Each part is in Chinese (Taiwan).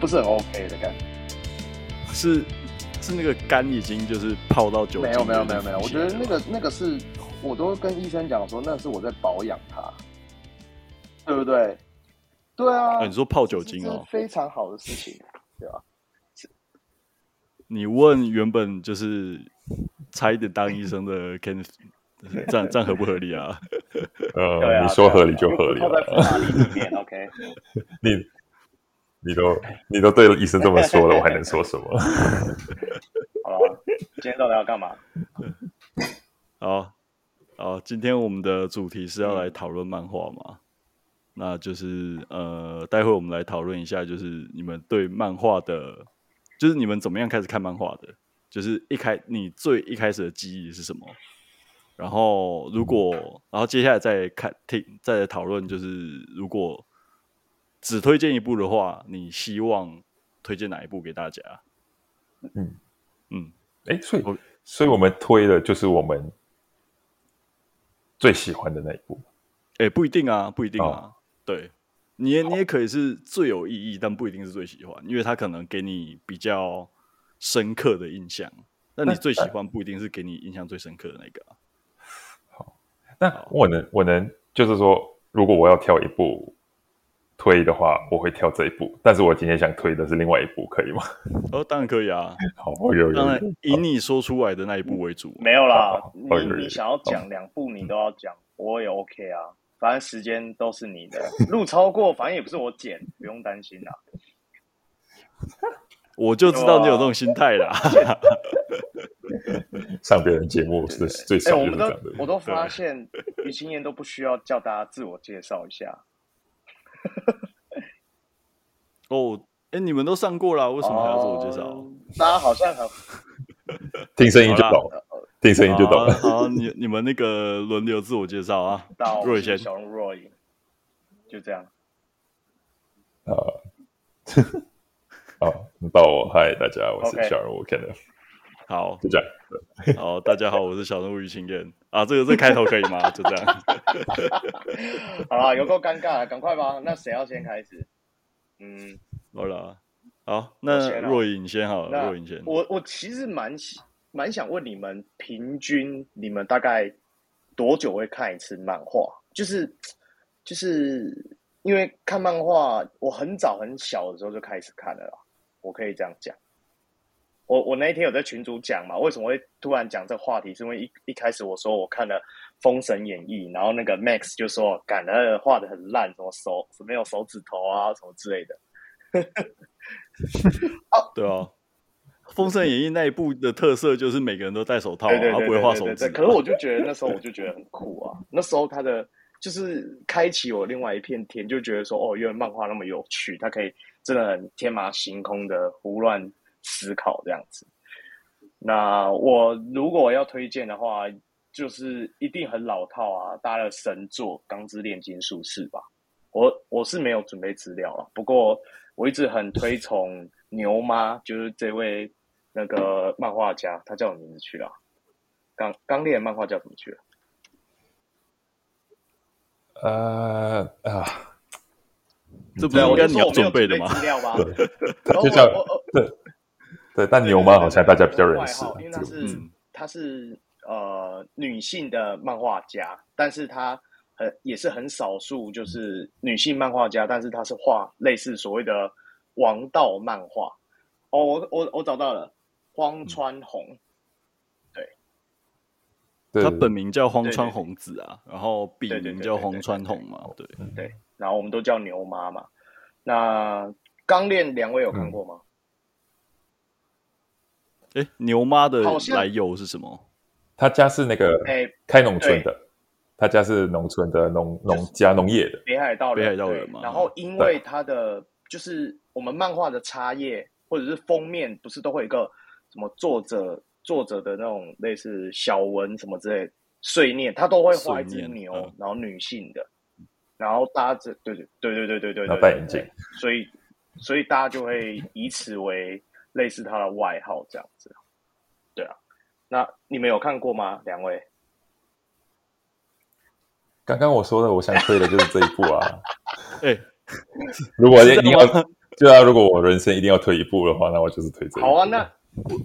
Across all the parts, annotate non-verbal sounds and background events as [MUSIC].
不是很 OK 的感覺，是是那個肝已經就是泡到酒精沒，沒有沒有沒有沒有，我覺得那個那個是，我都跟醫生講說那是我在保養它，對不對？對啊，啊你說泡酒精哦，是非常好的事情，對吧、啊？ [LAUGHS] 你問原本就是差一點當醫生的 Ken 這樣這樣合不合理啊？ [LAUGHS] 呃， [LAUGHS] 你說合理就合理、啊，泡 OK 你。你都你都對著醫生這麼說了， [LAUGHS] 我還能說什麼？ [LAUGHS] 好了，今天到底要幹嘛？ [LAUGHS] 好，好，今天我們的主題是要來討論漫畫嘛？嗯、那就是呃，待會我們來討論一下，就是你們對漫畫的，就是你們怎麼樣開始看漫畫的，就是一開你最一開始的記憶是什麼？然後如果，嗯、然後接下來再看聽再討論，就是如果。只推薦一部的話，你希望推薦哪一部給大家？嗯嗯，哎、嗯欸，所以，所以我們推的就是我們最喜歡的那一部。哎、欸，不一定啊，不一定啊。哦、對，你也你也可以是最有意義，好但不一定是最喜歡，因為它可能給你比較深刻的印象。但你最喜歡不一定是給你印象最深刻的那個、啊。那好，那我能我能就是說，如果我要挑一部。推的話，我會跳這一步，但是我今天想推的是另外一步，可以嗎？哦，當然可以啊。好，當然以你說出來的那一步為主。沒有啦，你想要講兩步，你都要講，我也 OK 啊。反正時間都是你的，錄超過，反正也不是我剪，不用擔心啦。我就知道你有這種心態啦。上別人節目是最我們都我都發現，於青燕都不需要叫大家自我介紹一下。哦，哎，你們都上過了，為什麼還要自我介紹？大家好像……哈，聽聲音就懂，聽聲音就懂。好，你你們那個輪流自我介紹啊。到，小龍，就這樣。好，好，到我。嗨，大家，我是小龍，我 Kenneft 好，就這樣。 [LAUGHS] 好，大家好，我是小人物語青燕啊。這個這開頭可以嗎？ [LAUGHS] 就這樣。 [LAUGHS] 好啦有夠尷尬了，有夠尷尬了，趕快吧。那誰要先開始？嗯，好了，好，那若隱先好了。好若隱先，我我其實蠻蠻想問你們，平均你們大概多久會看一次漫畫？就是就是，因為看漫畫，我很早很小的時候就開始看了啦，我可以這樣講。我我那一天有在群組講嘛？為什麼會突然講這個話題？是因為一一開始我說我看了《封神演義》，然後那個 Max 就說：“感的畫的很爛，什麼手什麼沒有手指頭啊，什麼之類的。 [LAUGHS] [LAUGHS] 哦”啊， [LAUGHS] 對啊，《封神演義》那一部的特色就是每個人都戴手套、啊，然後不會畫手指。可是我就覺得那時候我就覺得很酷啊！ [LAUGHS] 對 [LAUGHS] 那時候他的就是開啟我另外一片天，就覺得說哦，原來漫畫那麼有趣，他可以真的很天馬行空的胡亂。思考這樣子，那我如果要推薦的話，就是一定很老套啊，大家的神作《鋼之鍊金術師》吧。我我是沒有準備資料啊。不過我一直很推崇牛媽， [LAUGHS] 就是這位那個漫畫家，他叫我名字去了？鋼鋼鍊的漫畫叫什麼去了、呃？啊啊，這不應該是要準備的嗎？ [LAUGHS] 他就叫 [LAUGHS] 我對。對，但牛媽好像大家比較認識，因為她是她、嗯、是呃女性的漫畫家，但是她很也是很少數，就是女性漫畫家，但是她是畫類似所謂的王道漫畫哦，oh。我我我找到了荒川弘，嗯，對，她本名叫荒川弘子啊，對對對對，然後筆名叫荒川弘嘛，對對，對，對，對，對，對，然後我們都叫牛媽嘛。嗯，那鋼鍊兩位有看過嗎？嗯哎、欸，牛媽的來由是什麼？他家是那個開農村的，他、欸、家是農村的農農家農、就是、業的北海道人，北海道人嘛。對然後因為他的對就是我們漫畫的插頁或者是封面，不是都會一個什麼作者作者的那種類似小文什麼之類的碎念，他都會畫一隻牛，面然後女性的，嗯、然後搭着對對對對對對，對對對對對對對，戴眼鏡，所以所以大家就會以此為。類似他的外號這樣子，對啊，那你們有看過嗎？兩位？剛剛我說的，我想推的就是這一部啊。 [LAUGHS] 欸、如果你要，對啊，如果我人生一定要推一部的話，那我就是推這一部。一好啊，那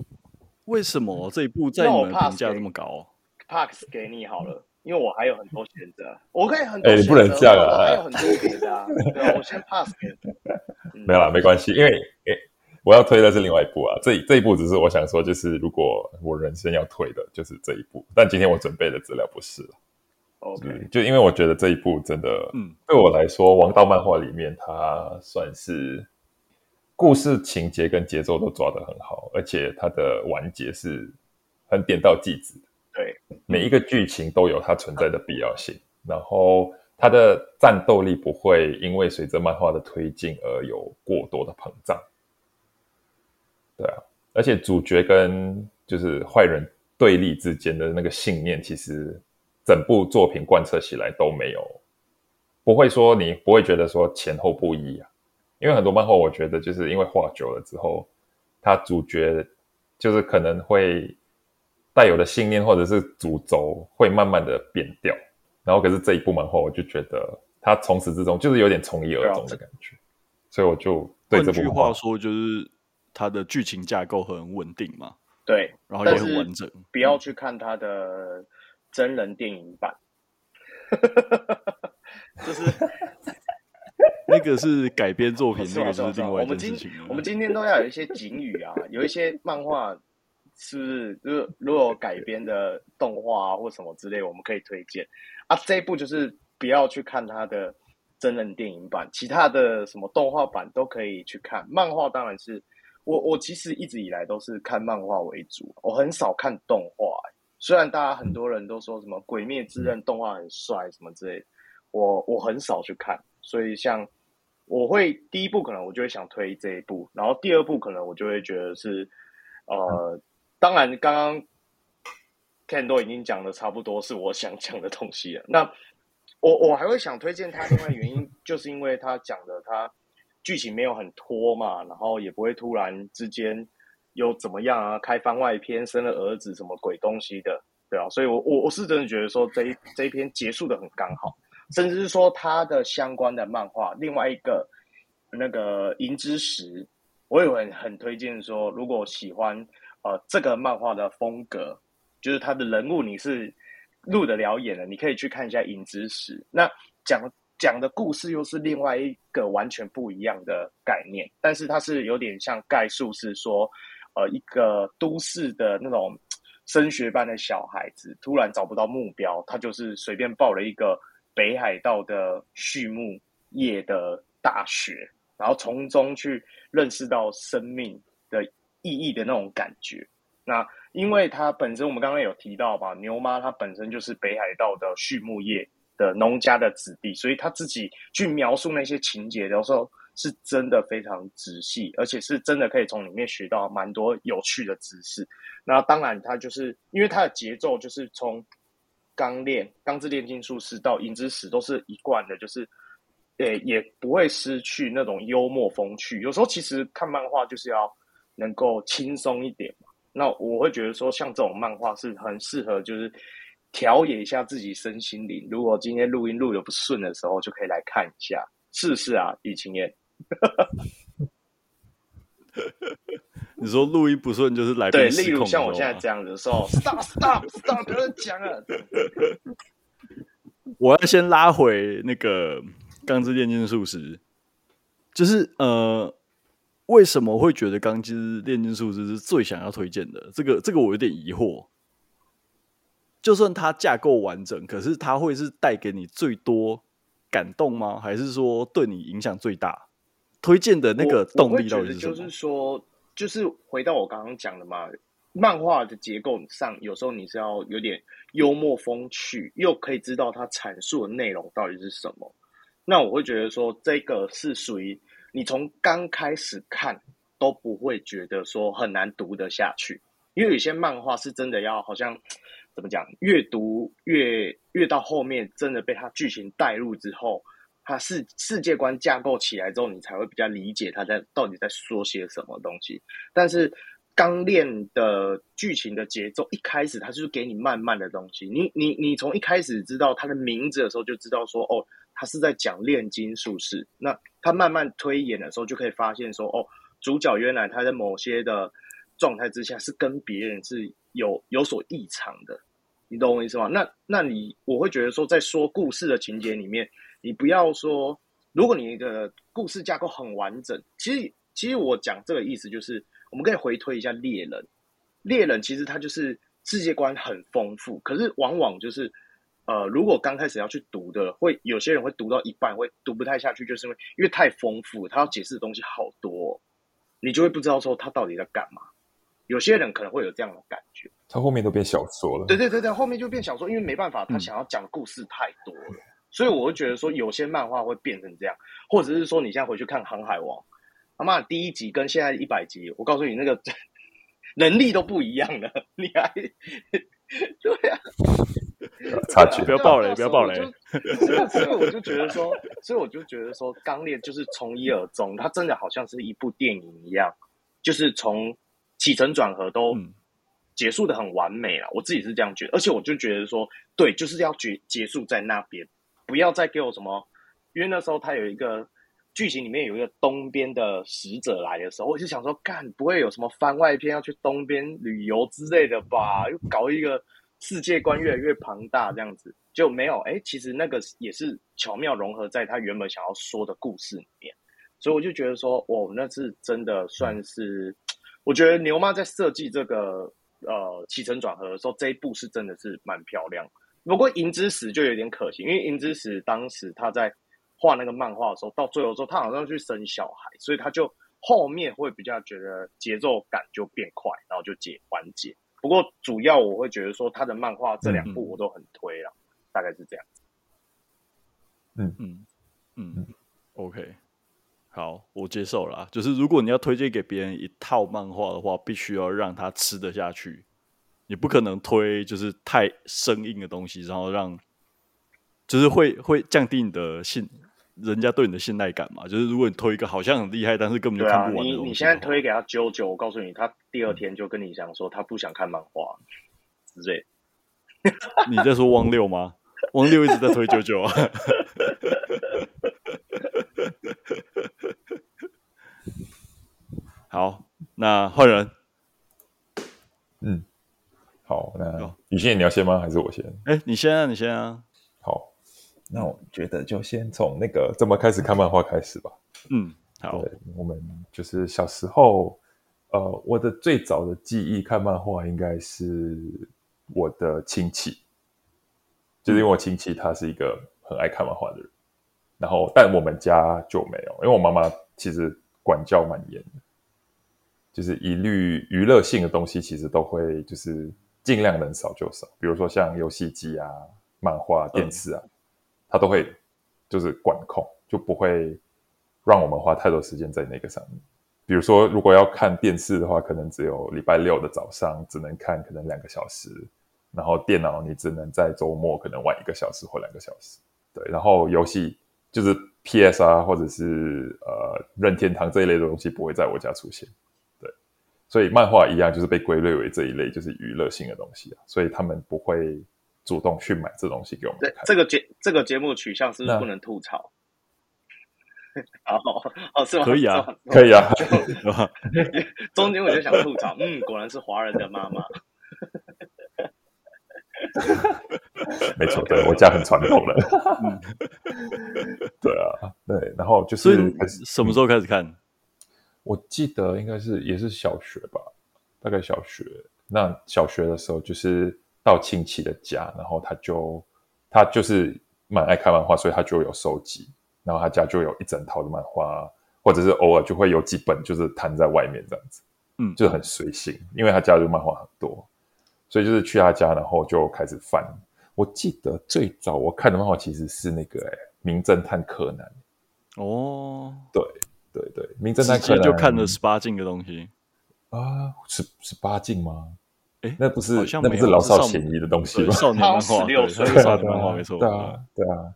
[LAUGHS] 為什麼這一部在你們評價這麼高？Pass、啊、給你好了，因為我還有很多選擇，我可以很多選擇，欸啊、還有很多、啊、 [LAUGHS] 我先 Pass 給你。嗯、沒有啦，沒關係，因為。欸我要推的是另外一部啊，這這一部只是我想說，就是如果我人生要推的就是這一部。但今天我準備的資料不是哦。Okay. 對，就因為我覺得這一部真的，嗯，對我來說，王道漫畫裡面它算是故事情節跟節奏都抓得很好，而且它的完結是很點到即止，對每一個劇情都有它存在的必要性，嗯，然後它的戰鬥力不會因為隨着漫畫的推進而有過多的膨脹。對啊，而且主角跟就是壞人對立之間的那個信念，其實整部作品貫徹起來都沒有，不會說你不會覺得說前後不一啊。因為很多漫畫，我覺得就是因為畫久了之後，他主角就是可能會帶有的信念或者是主軸會慢慢的變掉。然後可是這一部漫畫，我就覺得他從始至終就是有點從一而終的感覺，對啊，所以我就對這部漫畫話說就是。它的劇情架構很穩定嘛？對，然後也很完整。不要去看他的真人電影版，就、嗯、 [LAUGHS] 是，是那個是改編作品，那個就是另外一件事情，我們今，我們今天都要有一些警語啊，有一些漫畫是如果如果改編的動畫啊或什麼之類，我們可以推薦啊。這一部就是不要去看它的真人電影版，其他的什麼動畫版都可以去看，漫畫當然是。我我其實一直以來都是看漫畫為主，我很少看動畫欸。雖然大家很多人都說什麼《鬼滅之刃》動畫很帥什麼之類的，我我很少去看。所以像我會第一部可能我就會想推這一部，然後第二部可能我就會覺得是呃，當然剛剛，Ken 都已經講的差不多是我想講的東西了。那我我還會想推薦他另外原因就是因為他講的他。 [LAUGHS] 劇情沒有很拖嘛，然後也不會突然之間又怎麼樣啊，開番外篇，生了兒子什麼鬼東西的，對啊。所以我，我我我是真的覺得說，這一這一篇結束得很剛好，甚至是說它的相關的漫畫，另外一個那個《銀之匙》，我也很很推薦說，如果喜歡呃這個漫畫的風格，就是他的人物你是入得了眼的，你可以去看一下《銀之匙》，那講。講的故事又是另外一個完全不一樣的概念，但是它是有點像概述，是說，呃，一個都市的那種升學班的小孩子，突然找不到目標，他就是隨便報了一個北海道的畜牧業的大學，然後從中去認識到生命的意義的那種感覺。那因為它本身，我們剛剛有提到吧，牛媽它本身就是北海道的畜牧業。的農家的子弟，所以他自己去描述那些情節的時候，是真的非常仔細，而且是真的可以從裡面學到蠻多有趣的知識。那當然，他就是因為他的節奏就是從鋼鍊、鋼之煉金術師到銀之匙都是一貫的，就是，呃，也不會失去那種幽默風趣。有時候其實看漫畫就是要能夠輕鬆一點嘛。那我會覺得說，像這種漫畫是很適合，就是。調養一下自己身心靈。如果今天錄音錄得不順的時候，就可以來看一下，試試啊，李清燕。 [LAUGHS] [LAUGHS] 你說錄音不順就是來的對，例如像我現在這樣子的時候 stop stop stop，不要講了。我要先拉回那個鋼之煉金術師，就是呃，為什麼會覺得鋼之煉金術師是最想要推薦的？這個，這個我有點疑惑。就算它架構完整，可是它會是帶給你最多感動嗎？還是說對你影響最大？推薦的那個動力到底是什麼？我會覺得就是說，就是回到我剛剛講的嘛，漫畫的結構上，有時候你是要有點幽默風趣，又可以知道它闡述的內容到底是什麼。那我會覺得說，這個是屬於你從剛開始看都不會覺得說很難讀得下去，因為有些漫畫是真的要好像。怎麼講？越讀越越到後面，真的被他劇情帶入之後，他是世界觀架構起來之後，你才會比較理解他在到底在說些什麼東西。但是鋼鍊的劇情的節奏，一開始他就是給你慢慢的東西。你你你從一開始知道他的名字的時候，就知道說哦，他是在講煉金術師。那他慢慢推演的時候，就可以發現說哦，主角原來他在某些的。狀態之下是跟別人是有有所異常的，你懂我意思嗎？那那你我會覺得說，在說故事的情節裡面，你不要說，如果你的故事架構很完整，其實其實我講這個意思就是，我們可以回推一下《獵人》，《獵人》其實他就是世界觀很豐富，可是往往就是，呃，如果剛開始要去讀的，會有些人會讀到一半會讀不太下去，就是因為因為太豐富，他要解釋的東西好多，你就會不知道說他到底在幹嘛。有些人可能會有這樣的感覺，他後面都變小說了。對對對對，後面就變小說，因為沒辦法，他想要講的故事太多了。嗯、所以我會覺得說，有些漫畫會變成這樣，或者是說，你現在回去看《航海王》，他媽第一集跟現在一百集，我告訴你那個能力都不一樣了。你還對呀？差距！不要暴雷！對不要暴雷！所以，我就覺得說，所以我就覺得說，《鋼鍊》就是從一而終，它真的好像是一部電影一樣，就是從。起承轉合都結束得很完美了，嗯、我自己是這樣覺得，而且我就覺得說，對，就是要結結束在那邊，不要再給我什麼，因為那時候他有一個劇情裡面有一個東邊的使者來的時候，我就想說，幹不會有什麼番外篇要去東邊旅遊之類的吧？又搞一個世界觀越來越龐大，這樣子就沒有。哎、欸，其實那個也是巧妙融合在他原本想要說的故事裡面，所以我就覺得說，我那次真的算是。我覺得牛媽在設計這個呃起承轉合的時候，這一部是真的是蠻漂亮。不過銀之匙就有點可惜，因為銀之匙當時他在畫那個漫畫的時候，到最後的時候他好像去生小孩，所以他就後面會比較覺得節奏感就變快，然後就解緩解。不過主要我會覺得說他的漫畫這兩部我都很推了，嗯、大概是這樣子。嗯嗯嗯嗯，OK。好，我接受了。就是如果你要推薦給別人一套漫畫的話，必須要讓他吃得下去。你不可能推就是太生硬的東西，然後讓就是會會降低你的信，人家對你的信賴感嘛。就是如果你推一個好像很厲害，但是根本就看不完的東西的話。你你現在推給他 JOJO，我告訴你，他第二天就跟你講說他不想看漫畫。是不是？你在說汪六嗎？汪六一直在推 JOJO 啊。 [LAUGHS] [LAUGHS] 呵呵呵好，那換人。嗯，好，那雨欣，你要先嗎？還是我先？哎、欸，你先啊，你先啊。好，那我覺得就先從那個怎麼開始看漫畫開始吧。嗯，好。我們就是小時候，呃，我的最早的記憶看漫畫，應該是我的親戚，就是因為我親戚他是一個很愛看漫畫的人。然後，但我們家就沒有，因為我媽媽其實管教蠻嚴，就是一律娛樂性的東西，其實都會就是盡量能少就少，比如說像遊戲機啊、漫畫、電視啊，她、嗯、都會就是管控，就不會讓我們花太多時間在那個上面。比如說，如果要看電視的話，可能只有禮拜六的早上只能看可能兩個小時，然後電腦你只能在週末可能玩一個小時或兩個小時，對，然後遊戲。就是 PSR、啊、或者是呃任天堂這一類的東西不會在我家出現，對，所以漫畫一樣就是被歸類為這一類就是娛樂性的東西啊，所以他們不會主動去買這東西給我們看。這個節這個節目取向是不是不能吐槽？好好那、 [LAUGHS] 哦哦、是嗎？可以啊，可以啊， [LAUGHS] 就 [LAUGHS] [LAUGHS] 中間我就想吐槽，嗯，果然是華人的媽媽。 [LAUGHS] [LAUGHS] 沒錯，對，我家很傳統了。 [LAUGHS] 對啊，對，然後就是，所以什麼時候開始看？嗯，我記得應該是也是小學吧，大概小學。那小學的時候，就是到親戚的家，然後他就他就是蠻愛看漫畫，所以他就有收集。然後他家就有一整套的漫畫，或者是偶爾就會有幾本，就是攤在外面這樣子。嗯，就很隨性，因為他家就漫畫很多。所以就是去他家，然後就開始翻。我記得最早我看的漫畫其實是那個、欸《哎名偵探柯南》哦對，對對對，《名偵探柯南》就看了十八禁的東西啊，十十八禁嗎？哎、欸，那不是，那不是老少咸宜的東西嗎？少年漫畫，啊，對啊，對啊。對啊對啊，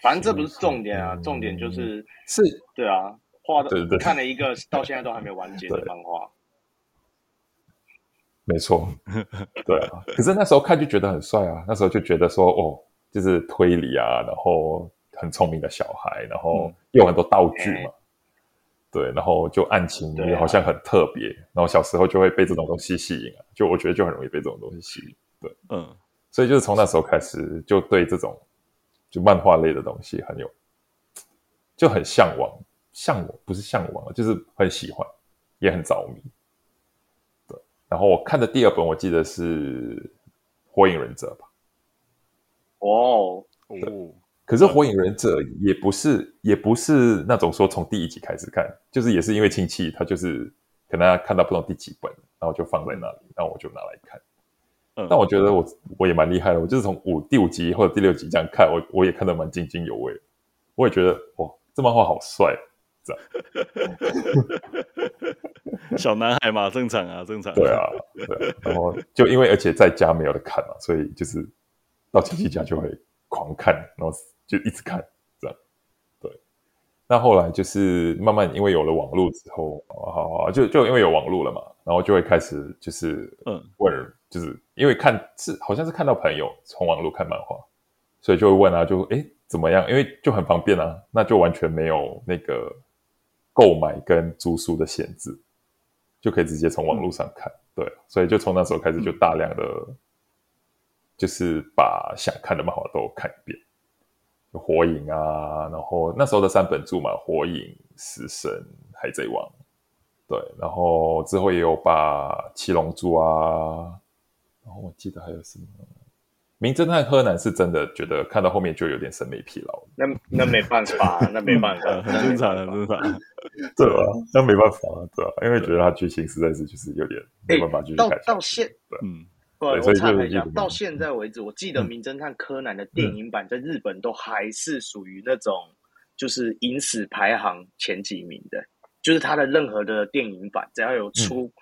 反正這不是重點啊，嗯、重點就是是，對啊，畫的看了一個到現在都還沒有完結的漫畫。沒錯，對啊，可是那時候看就覺得很帥啊，那時候就覺得說哦，就是推理啊，然後很聰明的小孩，然後有很多道具嘛，嗯、對，然後就案情也好像很特別，啊、然後小時候就會被這種東西吸引、啊，就我覺得就很容易被這種東西吸引，對，嗯，所以就是從那時候開始就對這種就漫畫類的東西很有，就很向往，向往不是向往，就是很喜歡，也很着迷。然後我看的第二本，我記得是《火影忍者》吧？哦哦對！可是《火影忍者》也不是，也不是那種說從第一集開始看，就是也是因為親戚，他就是可能他看到不懂第幾本，然後就放在那裡，嗯、然後我就拿來看。嗯、但我覺得我我也蠻厲害的，我就是從五第五集或者第六集這樣看，我我也看得蠻津津有味，我也覺得哇，這漫畫好帥。 [LAUGHS] [LAUGHS] 小男孩嘛，正常啊，正常。對啊，對啊。然後就因為而且在家沒有得看嘛，所以就是到親戚家就會狂看，嗯、然後就一直看這樣，啊。對。那後來就是慢慢因為有了網絡之後，啊、就就因為有網絡了嘛，然後就會開始就是嗯問人，嗯就是因為看是好像是看到朋友從網絡看漫畫，所以就會問啊，就誒怎麼樣？因為就很方便啊，那就完全沒有那個。購買跟租書的限制，就可以直接從網絡上看，對，所以就從那時候開始就大量的，嗯、就是把想看的漫畫都看一遍，火影啊，然後那時候的三本柱嘛，火影、死神、海賊王，對，然後之後也有把七龍珠啊，然後我記得還有什麼。名偵探柯南是真的覺得看到後面就有點審美疲勞。那那沒辦法，那沒辦法，很正常的，很正常。對吧？那沒辦法，對啊，因為覺得他劇情實在是就是有點沒辦法去看。到到現在，嗯，對，我插一下。到現在為止，我記得名偵探柯南的電影版在日本都還是屬於那種就是影史排行前幾名的，就是他的任何的電影版，只要有出，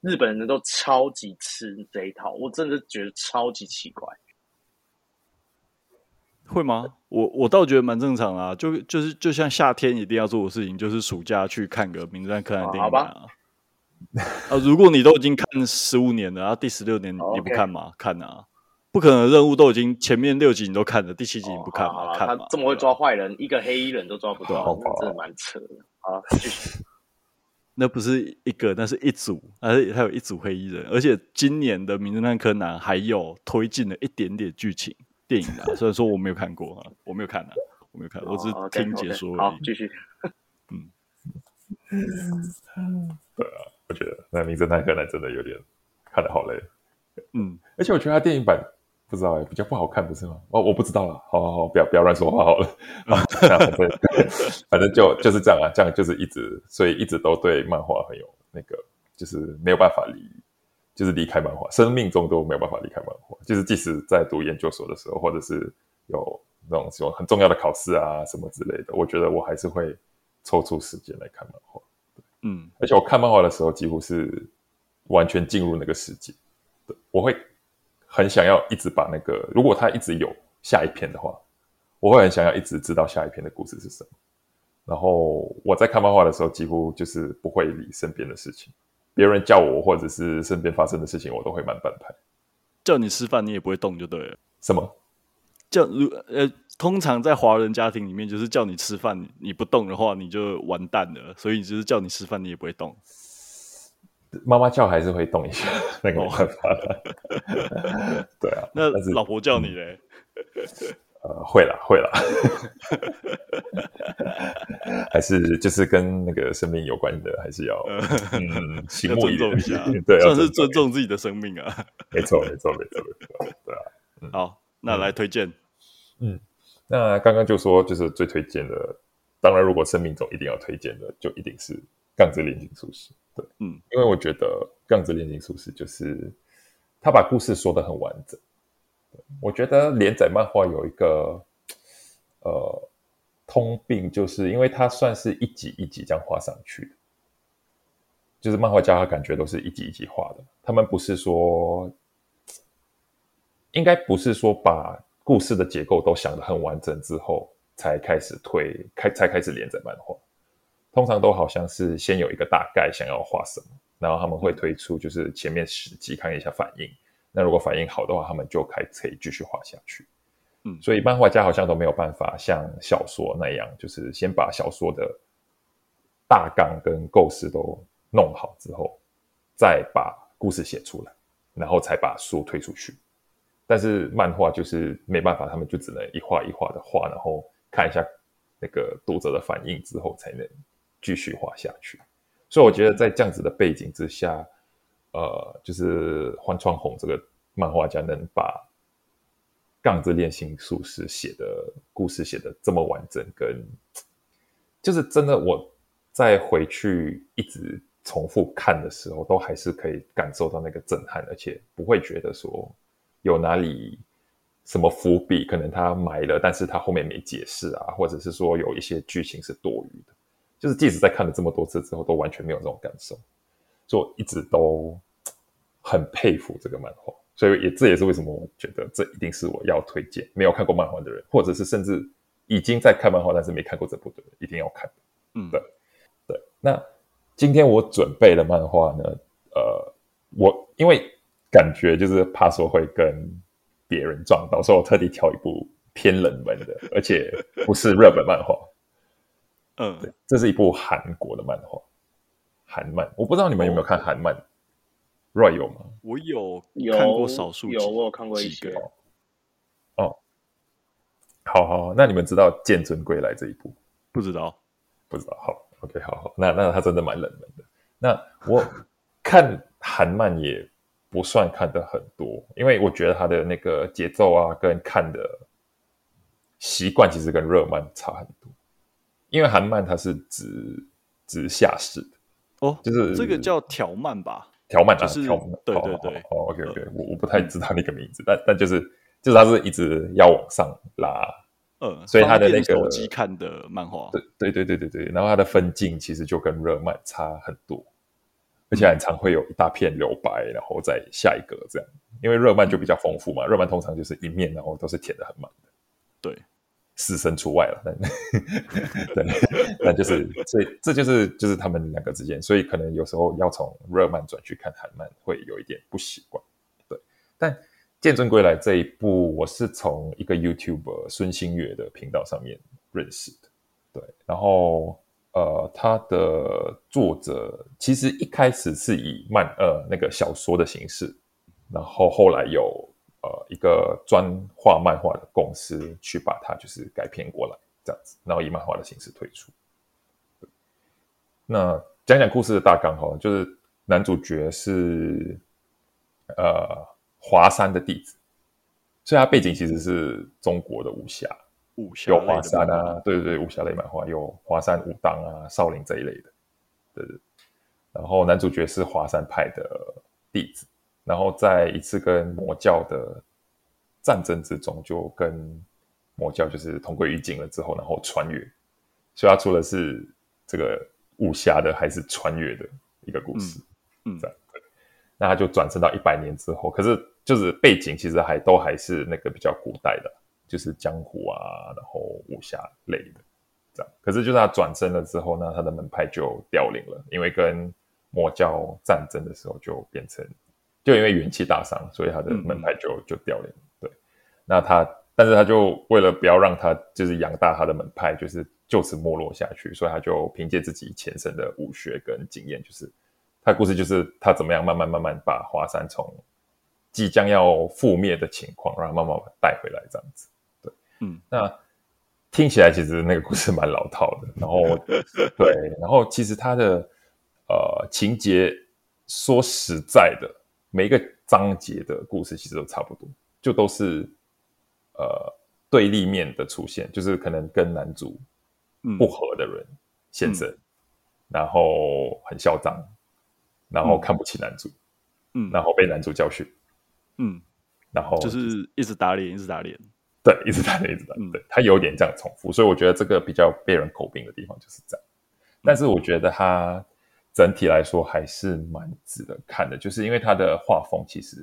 日本人都超級吃這一套，我真的覺得超級奇怪。會嗎？我我倒覺得蠻正常啊，就就是就像夏天一定要做的事情，就是暑假去看個名偵探柯南電影啊。啊，好吧啊，如果你都已經看十五年了，然、啊、後第十六年你、哦、你不看嗎？okay. 看啊，不可能任務都已經前面六集你都看了，第七集你不看嗎？看，這麼會抓壞人，啊、一個黑衣人都抓不到，啊啊、真的蠻扯的啊。 [LAUGHS] 那不是一個，那是一組，而且它有一組黑衣人，而且今年的名偵探柯南還有推進了一點點劇情。電影啊，所以說我沒有看過哈，我沒有看啊，我沒有看， [LAUGHS] 我只是聽解說而已。Oh, okay, okay. 好，繼續。嗯嗯 [LAUGHS] [LAUGHS] 對啊，我覺得那名偵探柯南真的有點看得好累。嗯，而且我覺得他電影版不知道哎、欸，比較不好看，不是嗎？哦，我不知道了。好好好，不要不要亂說話好了。 [LAUGHS] [LAUGHS] [LAUGHS] 反正反正就就是這樣啊，這樣就是一直，所以一直都對漫畫很有那個，就是沒有辦法理。就是離開漫畫，生命中都沒有辦法離開漫畫。就是即使在讀研究所的時候，或者是有那種什麼很重要的考試啊什麼之類的，我覺得我還是會抽出時間來看漫畫。嗯，而且我看漫畫的時候，幾乎是完全進入那個世界。我會很想要一直把那個，如果他一直有下一篇的話，我會很想要一直知道下一篇的故事是什麼。然後我在看漫畫的時候，幾乎就是不會理身邊的事情。別人叫我，或者是身邊發生的事情，我都會慢半拍。叫你吃飯，你也不會動，就對了。什麼？叫如呃，通常在華人家庭裡面，就是叫你吃飯，你不動的話，你就完蛋了。所以，就是叫你吃飯，你也不會動。媽媽叫還是會動一下，那個我害怕。哦、 [LAUGHS] [LAUGHS] 對啊，那老婆叫你嘞？嗯呃，會了，會了， [LAUGHS] 還是就是跟那個生命有關的，還是要 [LAUGHS] 嗯，行目 [LAUGHS] 尊重一下，對，算是尊重，尊重自己的生命啊。 [LAUGHS] 沒錯，沒錯，沒錯，沒錯，對啊。嗯、好，那來推薦、嗯嗯，嗯，那剛剛就說，就是最推薦的，當然如果生命中一定要推薦的，就一定是《鋼之煉金術師》。對，嗯，因為我覺得《鋼之煉金術師》就是他把故事說得很完整。我覺得連載漫畫有一個呃通病，就是因為它算是一集一集這樣畫上去的，就是漫畫家他感覺都是一集一集畫的，他們不是說，應該不是說把故事的結構都想得很完整之後才開始推開，才開始連載漫畫，通常都好像是先有一個大概想要畫什麼，然後他們會推出就是前面十集看一下反應。那如果反應好的話，他們就可以繼續畫下去。嗯，所以漫畫家好像都沒有辦法像小說那樣，就是先把小說的大綱跟構思都弄好之後，再把故事寫出來，然後才把書推出去。但是漫畫就是沒辦法，他們就只能一畫一畫的畫，然後看一下那個讀者的反應之後，才能繼續畫下去。所以我覺得在這樣子的背景之下。呃，就是荒川弘這個漫畫家能把《鋼之煉金術師》寫的，故事寫的這麼完整，跟就是真的，我再回去一直重複看的時候，都還是可以感受到那個震撼，而且不會覺得說有哪裡什麼伏筆，可能他埋了，但是他後面沒解釋啊，或者是說有一些劇情是多餘的，就是即使在看了這麼多次之後，都完全沒有這種感受，所以我一直都。很佩服這個漫畫，所以也這也是為什麼我覺得這一定是我要推薦，沒有看過漫畫的人，或者是甚至已經在看漫畫，但是沒看過這部的人，一定要看。嗯，對，對。那今天我準備的漫畫呢？呃，我因為感覺就是怕說會跟別人撞到，所以我特地挑一部偏冷門的，而且不是日本漫畫。嗯，對，這是一部韓國的漫畫，韓漫。我不知道你們有沒有看韓漫。哦 Roy 有嗎？我有，我看過少數，有，我有看過幾個幾哦。哦，好好，那你們知道《劍尊歸來》這一部？不知道，不知道。好，OK，好好，那那他真的蠻冷門的。那我看韓漫也不算看的很多， [LAUGHS] 因為我覺得他的那個節奏啊，跟看的習慣其實跟熱漫差很多。因為韓漫它是直直下式的，哦，就是這個叫條漫吧。條漫、啊、就是條漫，慢對對對、哦、OK OK，呃、我我不太知道那個名字，嗯、但但就是就是它是一直要往上拉，嗯，嗯所以它的那個、嗯、手機看的漫畫，對對對對對對，然後它的分鏡其實就跟熱漫差很多，嗯、而且很常會有一大片留白，然後在下一格這樣，因為熱漫就比較豐富嘛，熱漫、嗯、通常就是一面然後都是填的很滿的，對。死神除外了，那那 [LAUGHS] [LAUGHS] 就是所以這就是就是他們兩個之間，所以可能有時候要從日漫轉去看韓漫會有一點不習慣，對。但《劍尊歸來》這一部，我是從一個 YouTuber 孫星月的頻道上面認識的，對。然後呃，他的作者其實一開始是以漫呃那個小說的形式，然後後來有。呃，一個專畫漫畫的公司去把它就是改編過來這樣子，然後以漫畫的形式推出。那講講故事的大綱哈，就是男主角是呃華山的弟子，所以他背景其實是中國的武俠，武俠有華山啊，對對對，武俠類漫畫有華山、武當啊、少林這一類的，對對。然後男主角是華山派的弟子。然後在一次跟魔教的戰爭之中，就跟魔教就是同歸於盡了之後，然後穿越，所以他出的是這個武俠的還是穿越的一個故事？嗯，嗯，這樣。那他就轉生到一百年之後，可是就是背景其實還都還是那個比較古代的，就是江湖啊，然後武俠類的這樣。可是就是他轉生了之後，那他的門派就凋零了，因為跟魔教戰爭的時候就變成。就因為元氣大傷，所以他的門派就就凋零。對，嗯嗯那他，但是他就為了不要讓他就是養大他的門派，就是就此沒落下去，所以他就憑借自己前身的武學跟經驗，就是他故事就是他怎麼樣慢慢慢慢把華山從即將要覆滅的情況，然後慢慢帶回來這樣子。對，嗯，那聽起來其實那個故事蠻老套的。然後對，然後其實他的呃情節，說實在的。每一個章節的故事其實都差不多，就都是呃對立面的出現，就是可能跟男主不合的人、嗯、現身，嗯、然後很囂張，然後看不起男主，嗯、然後被男主教訓，嗯，然後、嗯、就是一直打臉，一直打臉，對，一直打臉，一直打臉、嗯，對，他有點這樣重复，所以我覺得這個比較被人詬病的地方就是這樣，但是我覺得他。嗯整體來說還是蠻值得看的，就是因為它的畫風其實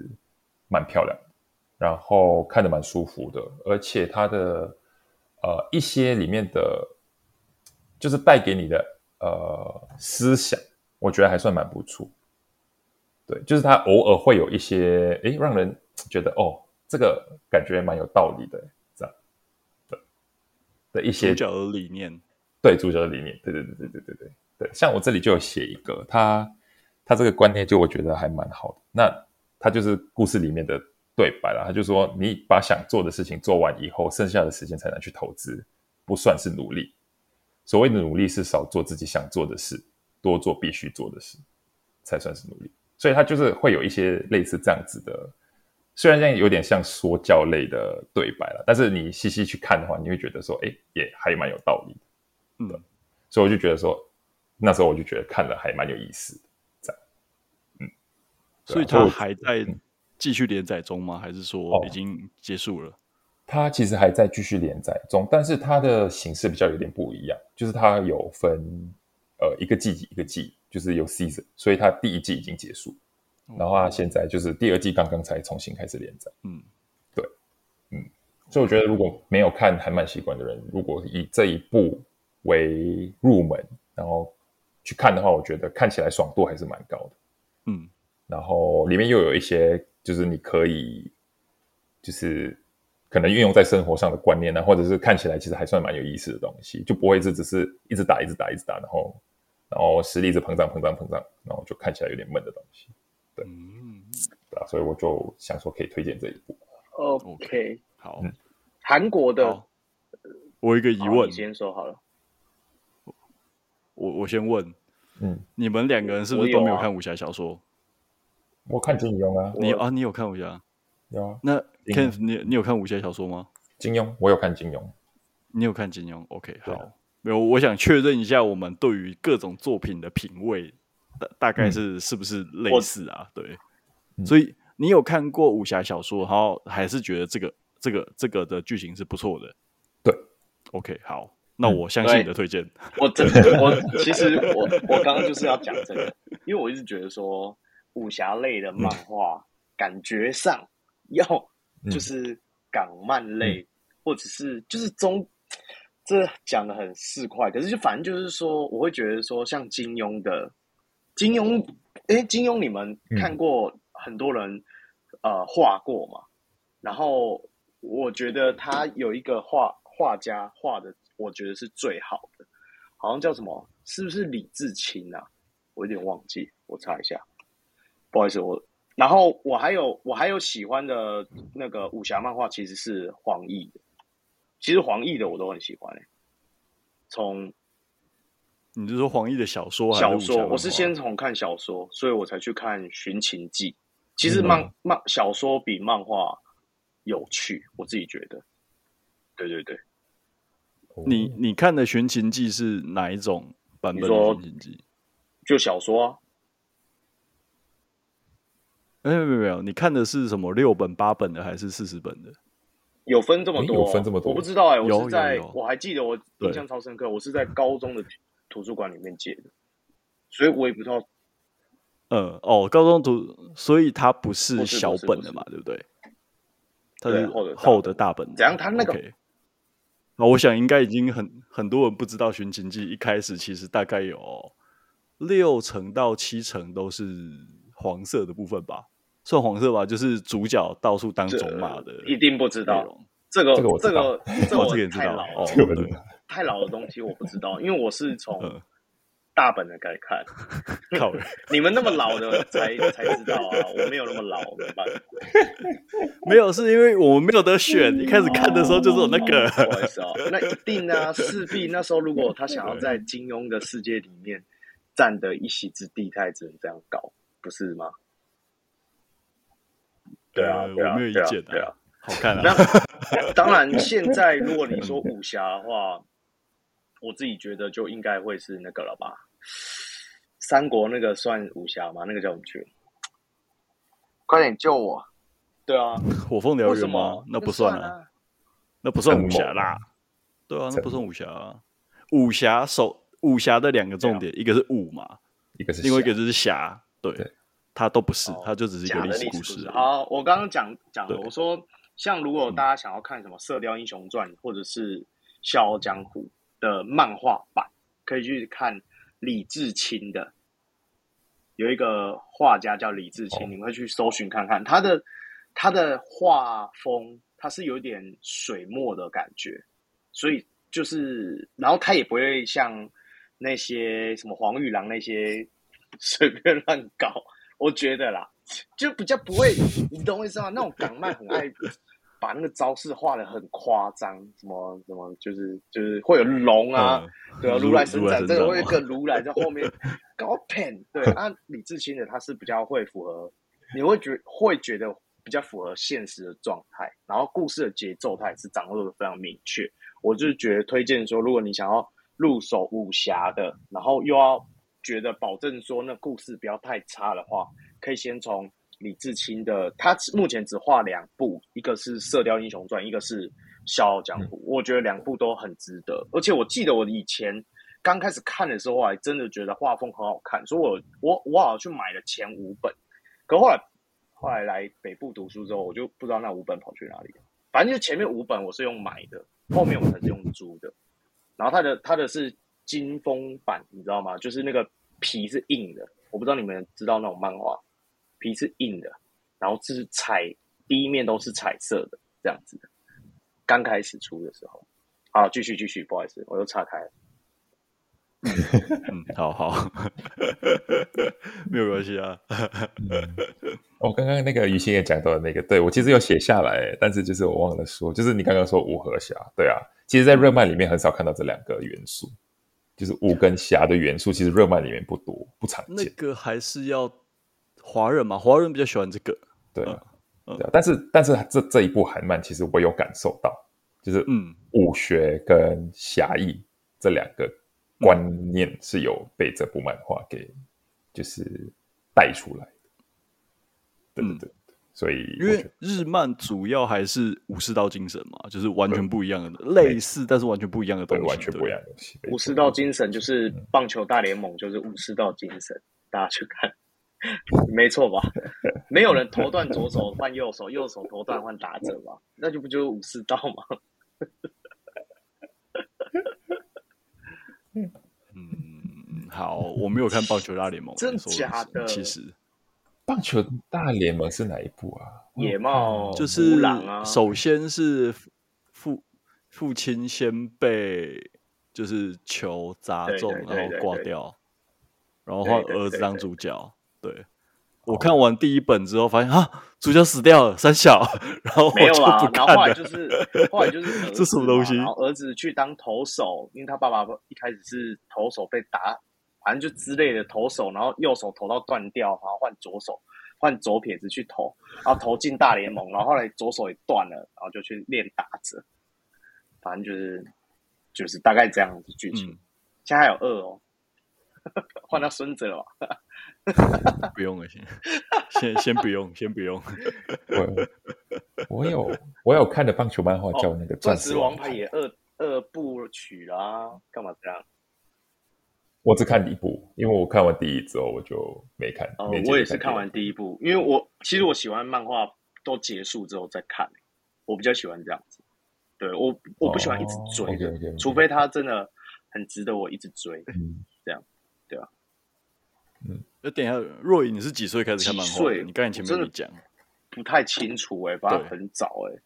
蠻漂亮，然後看的蠻舒服的，而且它的呃一些裡面的，就是帶給你的呃思想，我覺得還算蠻不錯。對，就是它偶爾會有一些，誒，讓人覺得哦，這個感覺蠻有道理的這樣。對，的一些主角的理念，對主角的理念，對對對對對對對。像我這裡就有寫一個，他他這個觀念就我覺得還蠻好的。那他就是故事裡面的對白了，他就說：“你把想做的事情做完以後，剩下的時間才能去投資，不算是努力。所謂的努力是少做自己想做的事，多做必須做的事，才算是努力。”所以他就是會有一些類似這樣子的，雖然這樣有點像說教類的對白了，但是你細細去看的話，你會覺得說：“哎，也還蠻有道理的。”嗯，所以我就覺得說。那時候我就覺得看了還蠻有意思的，這樣，嗯，所以他還在繼續連載中嗎？嗯、還是說已經結束了？哦、他其實還在繼續連載中，但是它的形式比較有點不一樣，就是它有分呃一個季一個季，就是有 season，所以它第一季已經結束，然後他現在就是第二季剛剛才重新開始連載，嗯，對，嗯，所以我覺得如果沒有看韓漫習慣的人，嗯、如果以這一部為入門，然後。去看的話，我覺得看起來爽度還是蠻高的，嗯，然後裡面又有一些就是你可以，就是可能運用在生活上的觀念啊，或者是看起來其實還算蠻有意思的東西，就不會是只是一直打一直打一直打，然後然後實力是膨脹膨脹膨脹，然後就看起來有點悶的東西，對，嗯，對啊，所以我就想說可以推薦這一部，OK，好，嗯，韓國的，我有一個疑問，哦，你先說好了。我我先問，嗯，你們兩個人是不是都沒有看武俠小說？我看金庸啊，你啊，你有看武俠？有啊。那你看你你有看武俠小說嗎？金庸，我有看金庸。你有看金庸？OK，好。沒有，我想確認一下，我們對於各種作品的品味大大概是是不是類似啊？對。所以你有看過武俠小說，然後還是覺得這個這個這個的劇情是不錯的。對，OK，好。那我相信你的推薦。我真的我 [LAUGHS] 其實我我剛剛就是要講這個，因為我一直覺得說武俠類的漫畫，感覺上要就是港漫類，嗯、或者是就是中，嗯、這講的很四塊，可是就反正就是說，我會覺得說像金庸的金庸，誒、欸，金庸你們看過很多人、嗯、呃畫過嘛，然後我覺得他有一個畫畫家畫的。我覺得是最好的，好像叫什麼？是不是李志清啊？我有點忘記，我查一下。不好意思，我然後我還有我還有喜歡的那個武俠漫畫，其實是黃易的。其實黃易的我都很喜歡、欸、從你就是說黃易的小說還是？小說，我是先從看小說，所以我才去看《尋秦記》。其實漫、嗯、漫小說比漫畫有趣，我自己覺得。對對對。你你看的《尋秦記》是哪一種版本？你說《尋秦記》就小說啊？哎、欸，沒有沒有，你看的是什麼六本八本的還是四十本的？有分這麼多？欸、麼多我不知道哎、欸，我是在我還記得我印象超深刻，對我是在高中的圖書館裡面借的，所以我也不知道嗯。嗯哦，高中圖，所以它不是小本的嘛，對不對？它是厚的大本，怎樣它那個、okay。哦、我想應該已經很很多人不知道《尋秦記》，一開始其實大概有六成到七成都是黃色的部分吧，算黃色吧，就是主角到處當種馬的。一定不知道這個這個我知道、這個、這個我、哦、這個也知道，嗯、太老的東西我不知道，因為我是從。嗯大本的該看，靠！ [LAUGHS] 你們那麼老的才 [LAUGHS] 才知道啊，我沒有那麼老，怎麼辦？沒有是因為我們沒有得選，一開始看的時候就是我那個，嗯哦哦哦、不好意思啊、哦， [LAUGHS] 那一定啊，勢必那時候如果他想要在金庸的世界裡面占得一席之地，他也只能這樣搞，不是嗎？對，對啊，對啊對啊對啊，我沒有意見的、啊。對啊，好看啊！那 [LAUGHS] 當然，現在如果你說武俠的話。我自己覺得就應該會是那個了吧？三國那個算武俠嗎？那個叫什麼劇？快點救我！對啊，火鳳燎原啊，那不算啊，那不算武俠啦。對啊，那不算武俠啊。武俠手武俠的兩個重點，一個是武嘛，一個是另外一個就是俠。對，它都不是，它就只是一個歷史故事。好，我剛剛講講的，我說像如果大家想要看什麼《射雕英雄傳》或者是《笑傲江湖》。的漫畫版可以去看李志清的，有一個畫家叫李志清，你們可以去搜尋看看他的他的畫風，他是有點水墨的感覺，所以就是，然後他也不會像那些什麼黃玉郎那些隨便亂搞，我覺得啦，就比較不會，你懂我意思嗎？那種港漫很愛。 [LAUGHS] 把那個招式畫得很誇張，什麼什麼就是就是會有龍啊，嗯、對啊，如,如來神掌，真的會有一個如來在後面，搞 [LAUGHS] n 對 [LAUGHS] 啊，李志清的他是比較會符合，你會覺 [LAUGHS] 會覺得比較符合現實的狀態，然後故事的節奏他也是掌握的非常明確，我就覺得推薦說，如果你想要入手武俠的，然後又要覺得保證說那故事不要太差的話，可以先從。李志清的他目前只畫兩部，一個是《射鵰英雄傳》，一個是《笑傲江湖》。我覺得兩部都很值得，而且我記得我以前剛開始看的時候，還真的覺得畫風很好看，所以我我我好像去買了前五本，可後來後來來北部讀書之後，我就不知道那五本跑去哪裡了。反正就前面五本我是用買的，後面我才是用租的。然後他的他的是金風版，你知道嗎？就是那個皮是硬的，我不知道你們知道那種漫畫。皮是硬的，然後就是彩，第一面都是彩色的這樣子的。剛開始出的時候，好、啊，繼續繼續，不好意思，我又岔開了。 [LAUGHS] 嗯，好好， [LAUGHS] 沒有關係啊。我、 [LAUGHS] 哦、剛剛那個於心也講到的那個，對我其實有寫下來，但是就是我忘了說，就是你剛剛說武和俠，對啊，其實，在熱漫裡面很少看到這兩個元素，就是武跟俠的元素，其實熱漫裡面不多，不常見。那個還是要。華人嘛，華人比較喜歡這個，對、啊嗯、對、啊，但是但是這這一部韓漫其實我有感受到，就是嗯，武學跟俠義這兩個觀念是有被這部漫畫給、嗯、就是帶出來的，對對，對，嗯、所以因為日漫主要還是武士道精神嘛，就是完全不一樣的，嗯、類似沒但是完全不一樣的東西，完全不一樣的東西。對武士道精神就是棒球大聯盟就是武士道精神，嗯、大家去看。 [LAUGHS] 沒錯吧？沒有人投斷左手換右手， [LAUGHS] 右手投斷換打者吧？那就不就是武士道嗎？ [LAUGHS] 嗯，好，我沒有看棒球大聯盟， [LAUGHS] 真假的？其實棒球大聯盟是哪一部啊？野茂、哦、就是、啊、首先是父父親先被就是球砸中，然後掛掉，然後換兒子當主角。對對對對對對對對，我看完第一本之後，發現啊、oh.，主角死掉了，三小，然後我就不看了。然後後來就是，後來就是 [LAUGHS] 這什麼東西？兒子去當投手，因為他爸爸一開始是投手被打，反正就之類的投手，然後右手投到斷掉，然後換左手，換左撇子去投，然後投進大聯盟，然後後來左手也斷了，然後就去練打者。反正就是，就是大概這樣的劇情。嗯、現在還有二哦。換他孫子了吧，不用了，先先先不用，先不用。 [LAUGHS] 我，我有我有看的棒球漫畫叫那個《鑽石王牌》哦、王也二二部曲啊，幹嘛這樣？ [LAUGHS] 我只看第一部，因為我看完第一之後我就沒看。哦、沒看，我也是看完第一部，因為我其實我喜歡漫畫都結束之後再看、欸，我比較喜歡這樣子。對，我我不喜歡一直追、哦、okay, okay, okay. 除非他真的很值得我一直追，嗯、這樣。嗯，那等一下，Roy，你是幾歲開始看漫畫？你剛才前面講不太清楚誒、欸，反正、嗯、很早誒、欸。對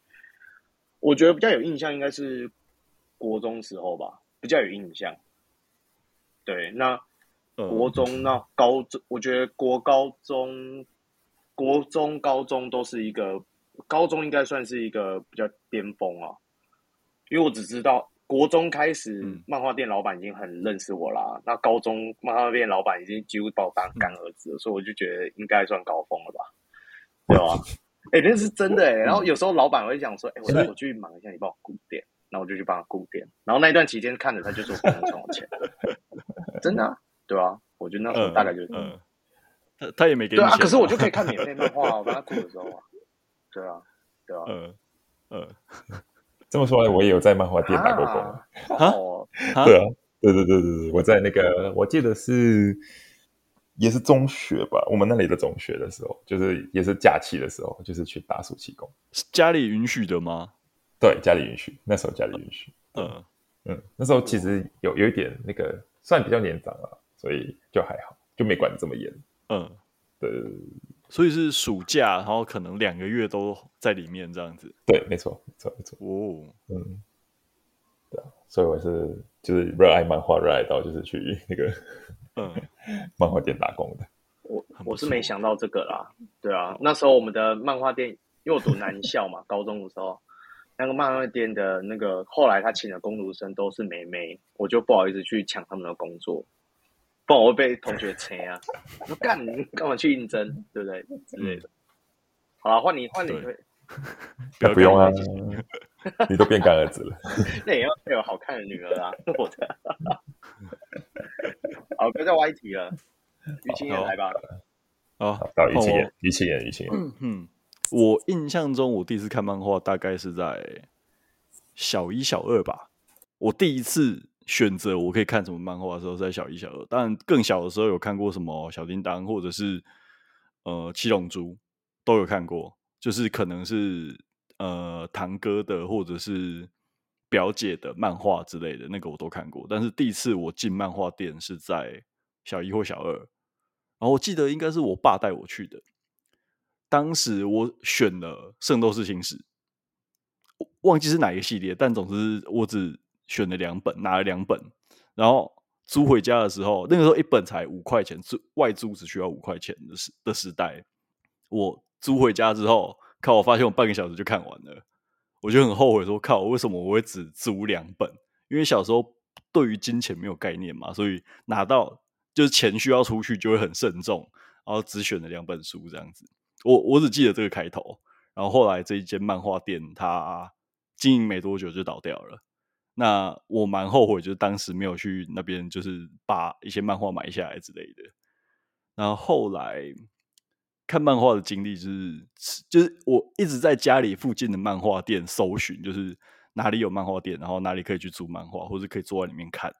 我覺得比較有印象應該是國中時候吧，比較有印象。對，那國中、呃就是、那高中，我覺得國高中、國中、高中都是一個高中，應該算是一個比較巔峰啊，因為我只知道。國中開始，漫畫店老闆已經很認識我啦。那高中漫畫店老闆已經幾乎把我當乾兒子了，所以我就覺得應該算高峰了吧？對吧？哎，那是真的哎。然後有時候老闆會想說：“哎，我我去忙一下，你幫我顧店。”那我就去幫他顧店。然後那一段期間，看着他就說我不能賺我錢，真的，對吧？我覺得那時候大概就是他他也沒給啊。可是我就可以看免費漫畫，我幫他顧的時候啊，對啊，對啊？嗯嗯。這麼說來，我也有在漫畫店打過工啊。對啊，啊 [LAUGHS] 對對對對對，我在那個，我記得是也是中學吧，我們那裡的中學的時候，就是也是假期的時候，就是去打暑期工。是家裡允許的嗎？對，家裡允許。那時候家裡允許。嗯嗯，那時候其實有有一點那個算比較年長了啊，所以就還好，就沒管這麼嚴。嗯，對。所以是暑假，然後可能兩個月都在裡面這樣子。對，沒錯，沒錯，沒錯，哦，嗯，對啊，所以我是就是熱愛漫畫，熱愛到就是去那個嗯 [LAUGHS] 漫畫店打工的。我我是沒想到這個啦，對啊，好那時候我們的漫畫店因為我讀男校嘛， [LAUGHS] 高中的時候，那個漫畫店的那個後來他請的工讀生都是美眉，我就不好意思去搶他們的工作。不然我會被同學捶啊！ [LAUGHS] 我說幹，你幹嘛去應徵，對不對之類的？嗯、好了，換你，換你，對不，不用啊！ [LAUGHS] 你都變乾兒子了， [LAUGHS] 那也要有好看的女兒啊！我的，好，不要再歪題了。於青岩來吧。啊，搞於青岩，於也我，岩，於青嗯，嗯，我印象中我第一次看漫畫大概是在小一、小二吧。我第一次。選擇我可以看什麼漫畫的時候，在小一、小二，當然更小的時候有看過什麼小叮噹，或者是呃七龍珠，都有看過。就是可能是呃堂哥的或者是表姐的漫畫之類的，那個我都看過。但是第一次我進漫畫店是在小一或小二，然後我記得應該是我爸帶我去的。當時我選了《聖鬥士星矢》，忘記是哪一個系列，但總之我只。選了兩本，拿了兩本，然後租回家的時候，那個時候一本才五塊錢，外租只需要五塊錢的時的時代，我租回家之後，靠，我發現我半個小時就看完了，我就很後悔說，說靠，我為什麼我會只租兩本？因為小時候對於金錢沒有概念嘛，所以拿到就是錢需要出去就會很慎重，然後只選了兩本書這樣子。我我只記得這個開頭，然後後來這一間漫畫店它、啊、經營沒多久就倒掉了。那我蠻後悔，就是當時沒有去那邊，就是把一些漫畫買下來之類的。然後後來看漫畫的經歷，就是就是我一直在家裡附近的漫畫店搜尋，就是哪裡有漫畫店，然後哪裡可以去租漫畫，或者可以坐在裡面看。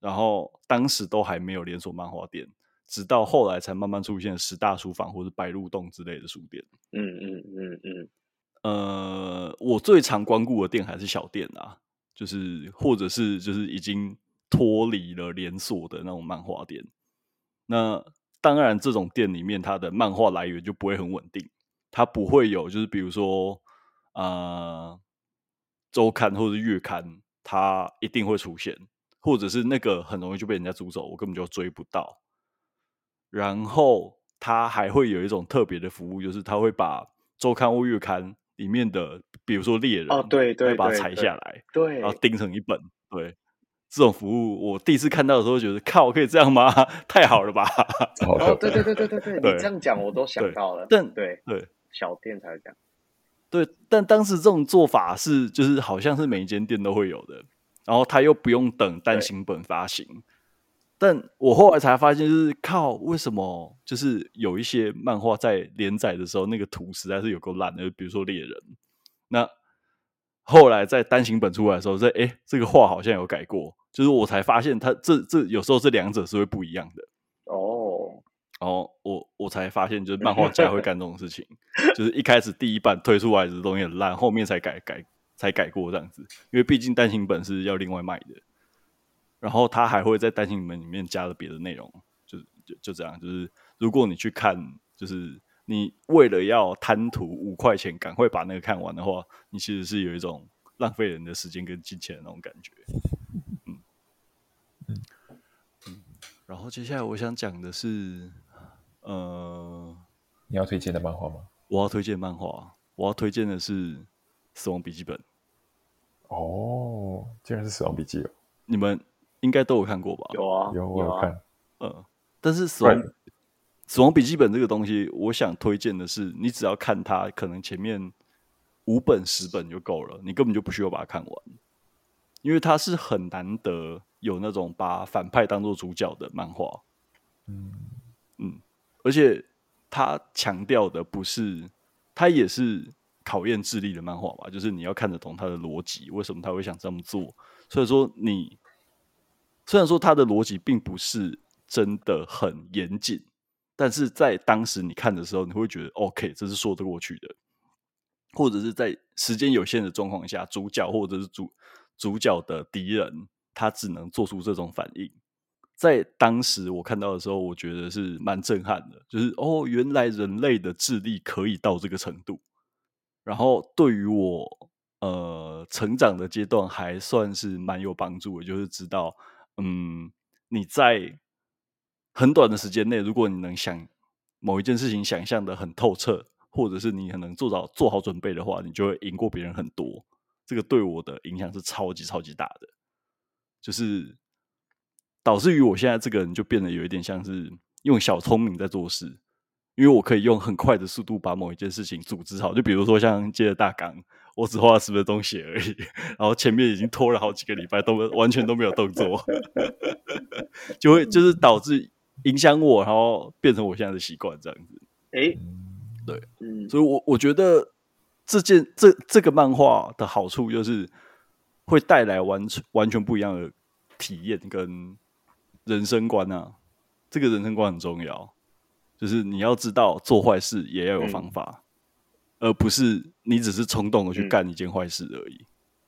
然後當時都還沒有連鎖漫畫店，直到後來才慢慢出現了十大書房或者白鹿洞之類的書店。嗯嗯嗯嗯，呃，我最常光顧的店還是小店啊。就是，或者是就是已經脫離了連鎖的那種漫畫店，那當然這種店裡面它的漫畫來源就不會很穩定，它不會有就是比如說呃週刊或是月刊，它一定會出現，或者是那個很容易就被人家租走，我根本就追不到。然後它還會有一種特別的服務，就是它會把週刊或月刊裡面的，比如說獵人，哦對對，對把它裁下來，對，對對，然後釘成一本，對，這種服務我第一次看到的時候，覺得靠，我可以這樣嗎？太好了吧？哦，對對對對對 [LAUGHS] 對，你這樣講我都想到了。對對對，小店才這樣。對，但當時這種做法是，就是好像是每一間店都會有的，然後他又不用等單行本發行。但我後來才發現，就是靠，為什麼就是有一些漫畫在連載的時候，那個圖實在是有夠爛的。就比如說《獵人》，那後來在單行本出來的時候，說：“誒，這個畫好像有改過。”就是我才發現，它這這有時候這兩者是會不一樣的。哦，oh. 然後我我才發現，就是漫畫家會幹這種事情， [LAUGHS] 就是一開始第一版推出來的東西很爛，後面才改改才改過這樣子。因為畢竟單行本是要另外賣的。然後他還會在《單行本》裡面加了別的內容，就就就這樣。就是如果你去看，就是你為了要貪圖五塊錢，趕快把那個看完的話，你其實是有一種浪費人的時間跟金錢的那種感覺。嗯嗯，嗯。然後接下來我想講的是，呃，你要推薦的漫畫嗎？我要推薦漫畫，我要推薦的是《死亡筆記本》。哦，竟然是《死亡筆記》哦！你們。應該都有看過吧？有啊，有啊。嗯，有啊，但是《死亡對死亡筆記本》這個東西，我想推薦的是，你只要看它，可能前面五本十本就夠了，你根本就不需要把它看完，因為它是很難得有那種把反派當做主角的漫畫。嗯嗯，而且它強調的不是，它也是考驗智力的漫畫吧？就是你要看得懂它的邏輯，為什麼他會想這麼做？所以說你。雖然說他的邏輯並不是真的很嚴謹，但是在當時你看的時候，你會覺得 OK，這是說得過去的。或者是在時間有限的狀況下，主角或者是主主角的敵人，他只能做出這種反應。在當時我看到的時候，我覺得是蠻震撼的，就是哦，原來人類的智力可以到這個程度。然後對於我呃成長的階段，還算是蠻有幫助的，就是知道。嗯，你在很短的時間內，如果你能想某一件事情想象的很透徹，或者是你很能做到做好準備的話，你就會贏過別人很多。這個對我的影響是超級超級大的，就是導致於我現在這個人就變得有一點像是用小聰明在做事，因為我可以用很快的速度把某一件事情組織好。就比如說像接著大綱。我只畫了什麼東西而已， [LAUGHS] 然後前面已經拖了好幾個禮拜，都完全都沒有動作， [LAUGHS] 就會就是導致影響我，然後變成我現在的習慣這樣子。哎、欸，對，嗯，所以我，我我覺得這件這這個漫畫的好處就是會帶來完全完全不一樣的體驗跟人生觀啊，這個人生觀很重要，就是你要知道做壞事也要有方法。嗯而不是你只是衝動的去幹一件壞事而已。嗯。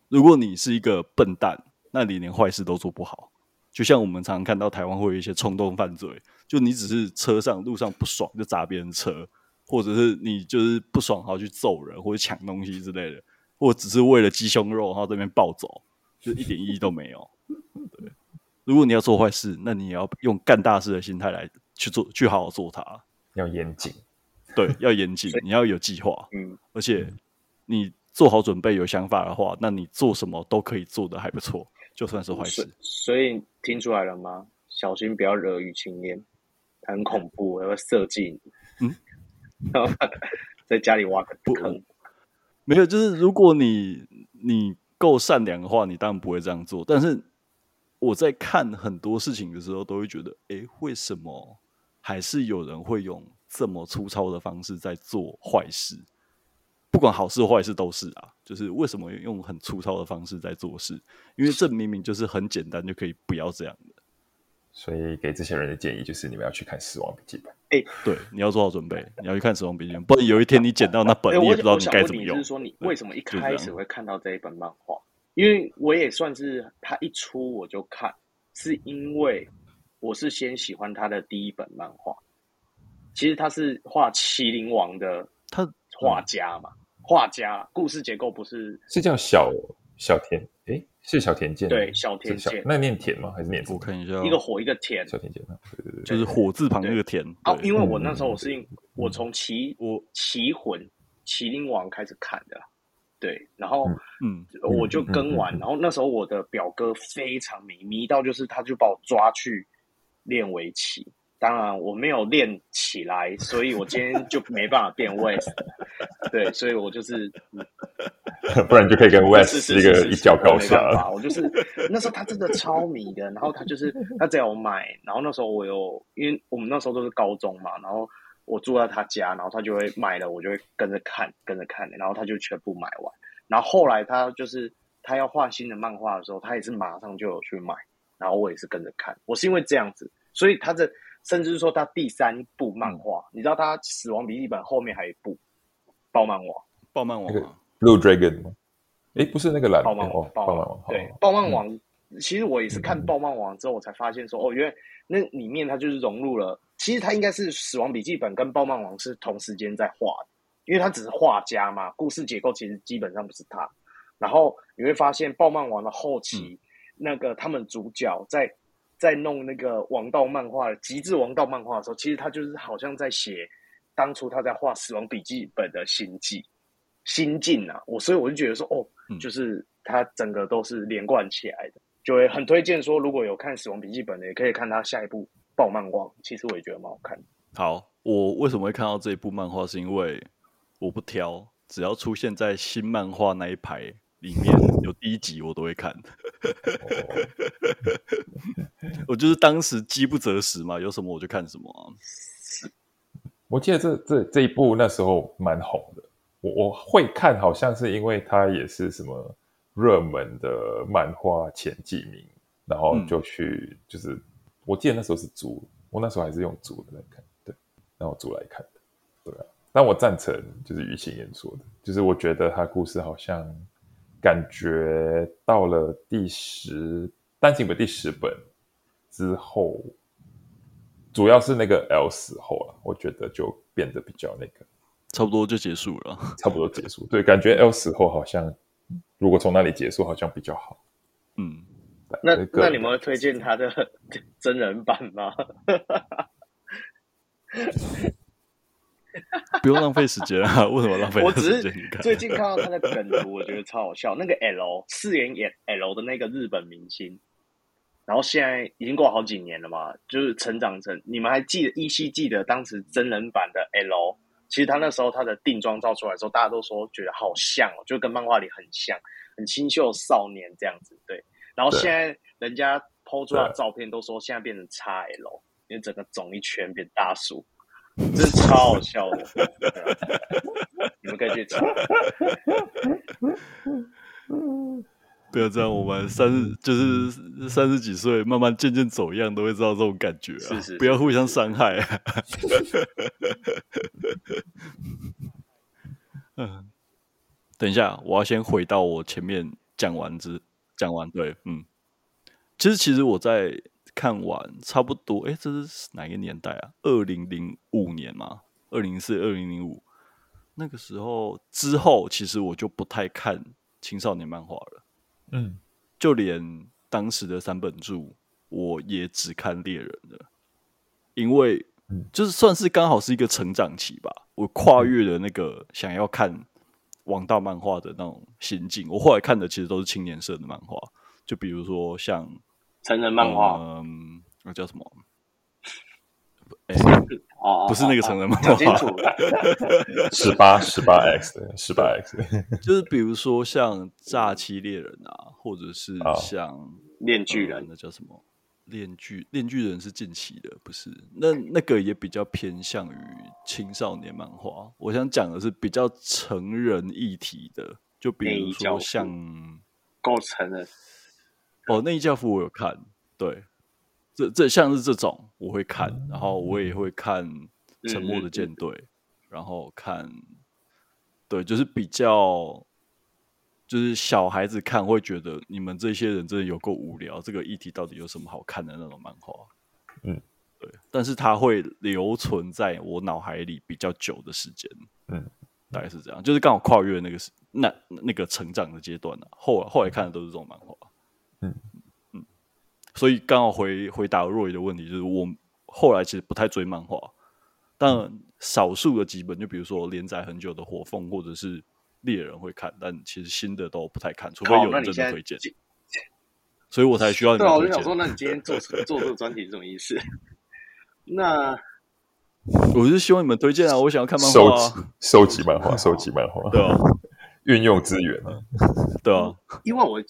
如果你是一個笨蛋，那你連壞事都做不好。就像我們常常看到台灣會有一些衝動犯罪，就你只是車上路上不爽就砸別人車，或者是你就是不爽好去揍人或者搶東西之類的，或者只是為了雞胸肉然後這邊暴走，就一點意義都沒有。 [LAUGHS] 對，如果你要做壞事，那你也要用幹大事的心態來去做，去好好做它，要嚴謹。 [LAUGHS] 對，要嚴謹，所以你要有計劃，嗯，而且你做好準備，有想法的話，那你做什麼都可以做得還不錯，就算是壞事所。所以聽出來了嗎？小心不要惹雨情戀，很恐怖，他會設計你。嗯，然後、嗯、 [LAUGHS] 在家裡挖個坑不。沒有，就是如果你你夠善良的話，你當然不會這樣做。但是我在看很多事情的時候，都會覺得，哎、欸，為什麼還是有人會用？這麼粗糙的方式在做壞事，不管好事壞事都是啊。就是為什麼用很粗糙的方式在做事？因為這明明就是很簡單就可以不要這樣的。所以給這些人的建議就是：你們要去看《死亡筆記本》欸。哎，對，你要做好準備，你要去看《死亡筆記本》欸，不然有一天你撿到那本，你也不知道你該怎麼用。欸、就是說，你為什麼一開始會看到這一本漫畫？就是嗯、因為我也算是他一出我就看，是因為我是先喜歡他的第一本漫畫。其實他是畫棋靈王的，他畫家嘛，畫家故事結構不是、嗯、是叫小小畑，哎、欸，是小畑健，對，小畑健，那面田嗎？還是面部？看一下，一個火一個田，小畑健，對對對，就是火字旁那個田。啊，對因為我那時候我是我從棋，我棋魂棋靈王開始看的，對，然後嗯，我就跟完，嗯嗯嗯嗯嗯、然後那時候我的表哥非常迷迷到，就是他就把我抓去練圍棋。當然我沒有練起來，所以我今天就沒辦法變位。 [LAUGHS] 對，所以我就是， [LAUGHS] 不然就可以跟 Way 是一個一較高下了我。我就是那時候他真的超迷的，然後他就是他只要我買，然後那時候我有因為我們那時候都是高中嘛，然後我住在他家，然後他就會買了，我就會跟着看，跟着看，然後他就全部買完。然後後來他就是他要畫新的漫畫的時候，他也是馬上就有去買，然後我也是跟着看。我是因為這樣子，所以他這。甚至是說他第三部漫畫，嗯、你知道他《死亡筆記本》後面還有一部《爆漫王》。爆漫王 Blue Dragon，不是那個藍。爆漫、欸哦、漫王，爆漫王。對，爆漫王，嗯、其實我也是看爆漫王之後，我才發現說，哦、嗯，原來那裡面他就是融入了。其實他應該是《死亡筆記本》跟《爆漫王》是同時間在畫的，因為他只是畫家嘛，故事結構其實基本上不是他。然後你會發現，《爆漫王》的後期、嗯、那個他們主角在。在弄那個王道漫畫《極致王道漫畫》的時候，其實他就是好像在寫當初他在畫《死亡筆記本》的心跡心境啊。我所以我就覺得說，哦，就是他整個都是連貫起來的，嗯、就會很推薦說，如果有看《死亡筆記本》的，也可以看他下一部爆漫畫。其實我也覺得蠻好看的。好，我為什麼會看到這一部漫畫，是因為我不挑，只要出現在新漫畫那一排裡面 [LAUGHS] 有第一集，我都會看。 [LAUGHS] [LAUGHS] 我就是當時飢不擇食嘛，有什麼我就看什麼、啊。我記得這這這一部那時候蠻紅的，我我會看好像是因為它也是什麼熱門的漫畫前幾名，然後就去，嗯、就是我記得那時候是租，我那時候還是用租來看的，然後租來看的，對、啊。但我贊成就是於情言說的，就是我覺得他故事好像。感覺到了第十，單行本第十本之後，主要是那個 L 死後了，我覺得就變得比較那個，差不多就結束了，差不多結束。對，感覺 L 死後好像，如果從那裡結束好像比較好。嗯，那個、那,那你們會推薦他的真人版嗎？ [LAUGHS] [LAUGHS] 不用浪費時間啊！ [LAUGHS] 為什麼浪費時間？我只是看最近看到他的梗圖，我覺得超好笑。 [LAUGHS] 那個 L 飾演 L 的那個日本明星，然後現在已經過了好幾年了嘛，就是成長成你們還記得依稀記得當時真人版的 L，其實他那時候他的定妝照出來的時候，大家都說覺得好像、哦，就跟漫畫裡很像，很清秀少年這樣子。對，然後現在人家 PO 出的照片都說現在變成叉 L，對因為整個腫一圈變大叔。 [LAUGHS] 真是超好笑的，你們可以去查。 [LAUGHS] 不要這樣，我們三十就是三十幾歲，慢慢漸漸走一樣，都會知道這種感覺、啊。是是，不要互相傷害。等一下，我要先回到我前面講完之講完。對，嗯，其實其實我在。看完差不多，哎、欸，這是哪個年代啊？二零零五年嗎？二零零四、二零零五，那個時候之後，其實我就不太看青少年漫畫了。嗯，就連當時的三本柱，我也只看獵人的，因為就是算是剛好是一個成長期吧。我跨越了那個想要看王道漫畫的那種心境。我後來看的其實都是青年色的漫畫，就比如說像。成人漫畫、嗯，那叫什麼、 [LAUGHS] 欸？不是那個成人漫畫、哦。十八十八 x 的十八 x，就是比如說像《詐欺獵人》啊，或者是像《鏈鋸人》那叫什麼？鋸《鏈鋸人》是近期的，不是？那、嗯、那個也比較偏向於青少年漫畫。我想講的是比較成人議題的，就比如說像夠成人。哦，《內衣教父》我有看，對，這這像是這種我會看，然後我也會看《沉默的艦隊》，嗯，然後看，對，就是比較就是小孩子看會覺得你們這些人真的有夠無聊，這個議題到底有什麼好看的那種漫畫。嗯，對，但是它會留存在我腦海裡比較久的時間。嗯，嗯，大概是這樣，就是剛好跨越那個時那那個成長的階段了，啊。後後來看的都是這種漫畫。嗯，所以剛好回回答若愚的問題，就是我後來其實不太追漫畫，但少數的幾本，就比如說連載很久的《火鳳》或者是《獵人》，會看，但其實新的都不太看，除非有人真的推薦，所以我才需要你們推薦。你。啊，我就想說，那你今天做對對對做這個專題是什麼意思？ [LAUGHS] 那我就希望你們推薦啊，我想要看漫畫，啊，收集漫畫，收集漫畫，對啊。運用資源嘛， [LAUGHS] 對啊，因為我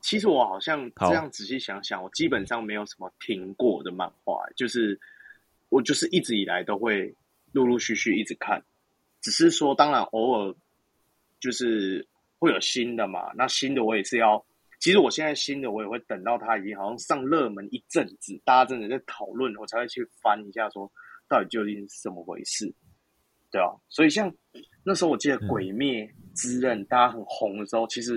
其實我好像這樣仔細想想，好我基本上沒有什麼停過的漫畫，欸，就是我就是一直以來都會陸陸續續一直看，只是說當然偶爾就是會有新的嘛，那新的我也是要，其實我現在新的我也會等到它已經好像上熱門一陣子，大家真的在討論，我才會去翻一下，說到底究竟是怎麼回事，對啊，所以像。那時候我記得《鬼滅之刃》嗯、大家很紅的時候，其實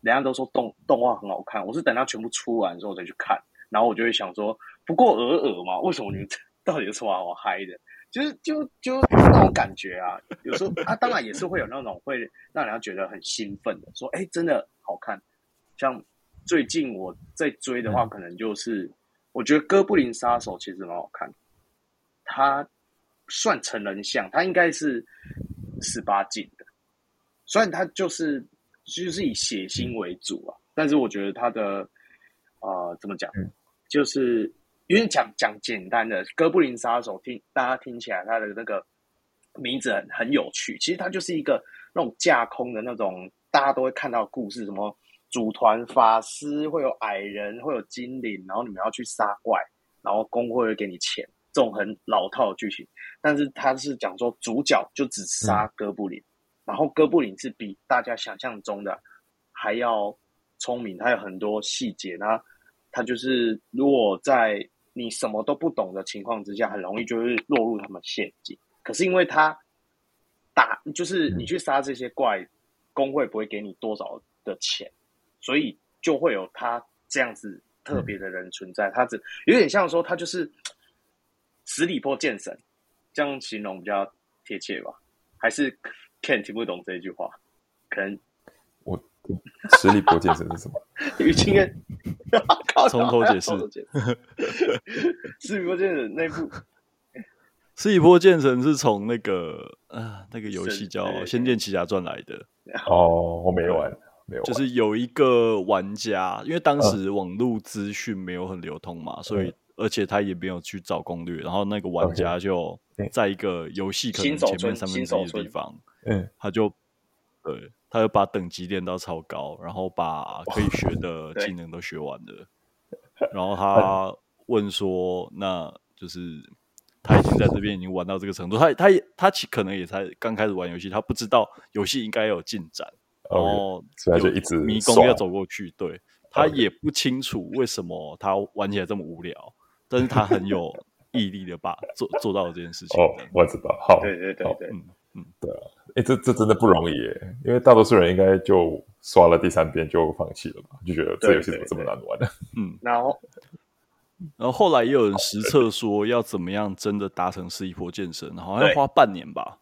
人家都說動動畫很好看，我是等它全部出完之後再去看，然後我就會想說：不過爾爾嘛，為什麼你到底有什麼好嗨的？就是就就那種感覺啊。有時候啊，當然也是會有那種會讓人家覺得很興奮的，說：哎、欸，真的好看。像最近我在追的話，可能就是、嗯、我覺得《哥布林殺手》其實蠻好看的，他算成人向，他應該是十八禁的，雖然他就是就是以血腥為主啊，但是我覺得他的啊、呃、怎麼講，就是因為講講簡單的哥布林殺手聽大家聽起來他的那個名字很很有趣，其實它就是一個那種架空的那種大家都會看到的故事，什麼組團法師會有矮人會有精靈，然後你們要去殺怪，然後工會會給你錢。這種很老套的劇情，但是他是講說主角就只殺哥布林，嗯、然後哥布林是比大家想象中的還要聰明，他有很多細節，他他就是如果在你什麼都不懂的情況之下，很容易就是落入他們陷阱。可是因為他打就是你去殺這些怪，嗯、公會不會給你多少的錢，所以就會有他這樣子特別的人存在。嗯、他只有點像說他就是。十里坡劍神，這樣形容比較貼切吧？還是 Ken 聽不懂這一句話？可能我十里坡劍神是什麼？於今從頭解釋。十里坡劍神那部《十里坡劍神》是從那個啊，那個遊戲叫《仙劍奇俠傳》來的。哦，我沒玩，沒有玩。就是有一個玩家，因為當時網絡資訊沒有很流通嘛，所以。而且他也沒有去找攻略，然後那個玩家就在一個遊戲可能前面三分之一的地方，嗯，他就對，他就把等級練到超高，然後把可以學的技能都學完了，然後他問說：“那就是他已經在這邊已經玩到這個程度，他他他其可能也才剛開始玩遊戲，他不知道遊戲應該有進展，然後他就一直迷宮要走過去，對他也不清楚為什麼他玩起來這麼無聊。” [LAUGHS] 但是他很有毅力的把 [LAUGHS] 做做到了這件事情。哦，oh, 我知道，好，對,對對對，嗯、oh, 嗯，對、嗯、啊，哎、欸，這這真的不容易耶，因為大多數人應該就刷了第三遍就放棄了嘛，就覺得這遊戲怎麼這麼難玩呢？嗯，然後，然後後來也有人實測說要怎麼樣真的達成十里坡劍神，好像要花半年吧，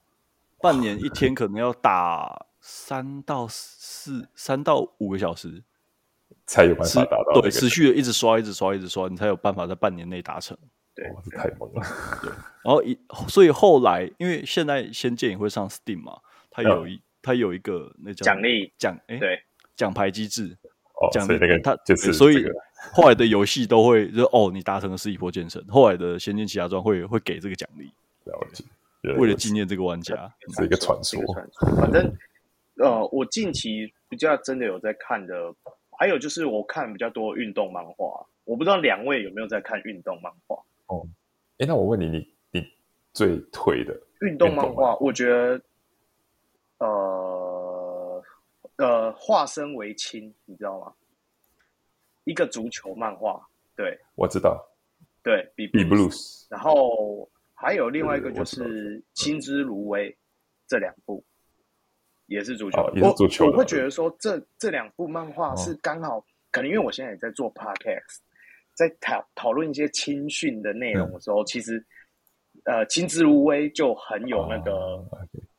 對 [LAUGHS] 半年一天可能要打三到四三到五個小時。才有辦法達到對持續的一直刷，一直刷，一直刷，一直刷，你才有辦法在半年內達成。對，太猛了。對，然後一所以後來，因為現在《仙劍》也會上 Steam 嘛，它有一、嗯、它有一個那種獎勵獎哎，勵欸、對獎牌機制，獎勵、oh, 勵那個它就是它、欸。所以後來的遊戲都會就哦，你達成的是十里坡劍神，後來的仙《仙劍奇俠傳》會會給這個獎勵，對，了解，為了紀念這個玩家，是一個傳說。反正呃，我近期比較真的有在看的。還有就是我看比較多運動漫畫，我不知道兩位有沒有在看運動漫畫哦？哎、欸，那我問你，你你最推的運動漫畫，漫畫我覺得，呃呃，化身為青，你知道嗎？一個足球漫畫，對，我知道，對，Be Blues，Blues 然後還有另外一個就是青之蘆葦，嗯、這兩部。也是足球，哦、球我我會覺得說這這兩部漫畫是剛好，哦、可能因為我現在也在做 Podcast 在討討論一些青訓的內容的時候，嗯、其實呃，青之蘆葦就很有那個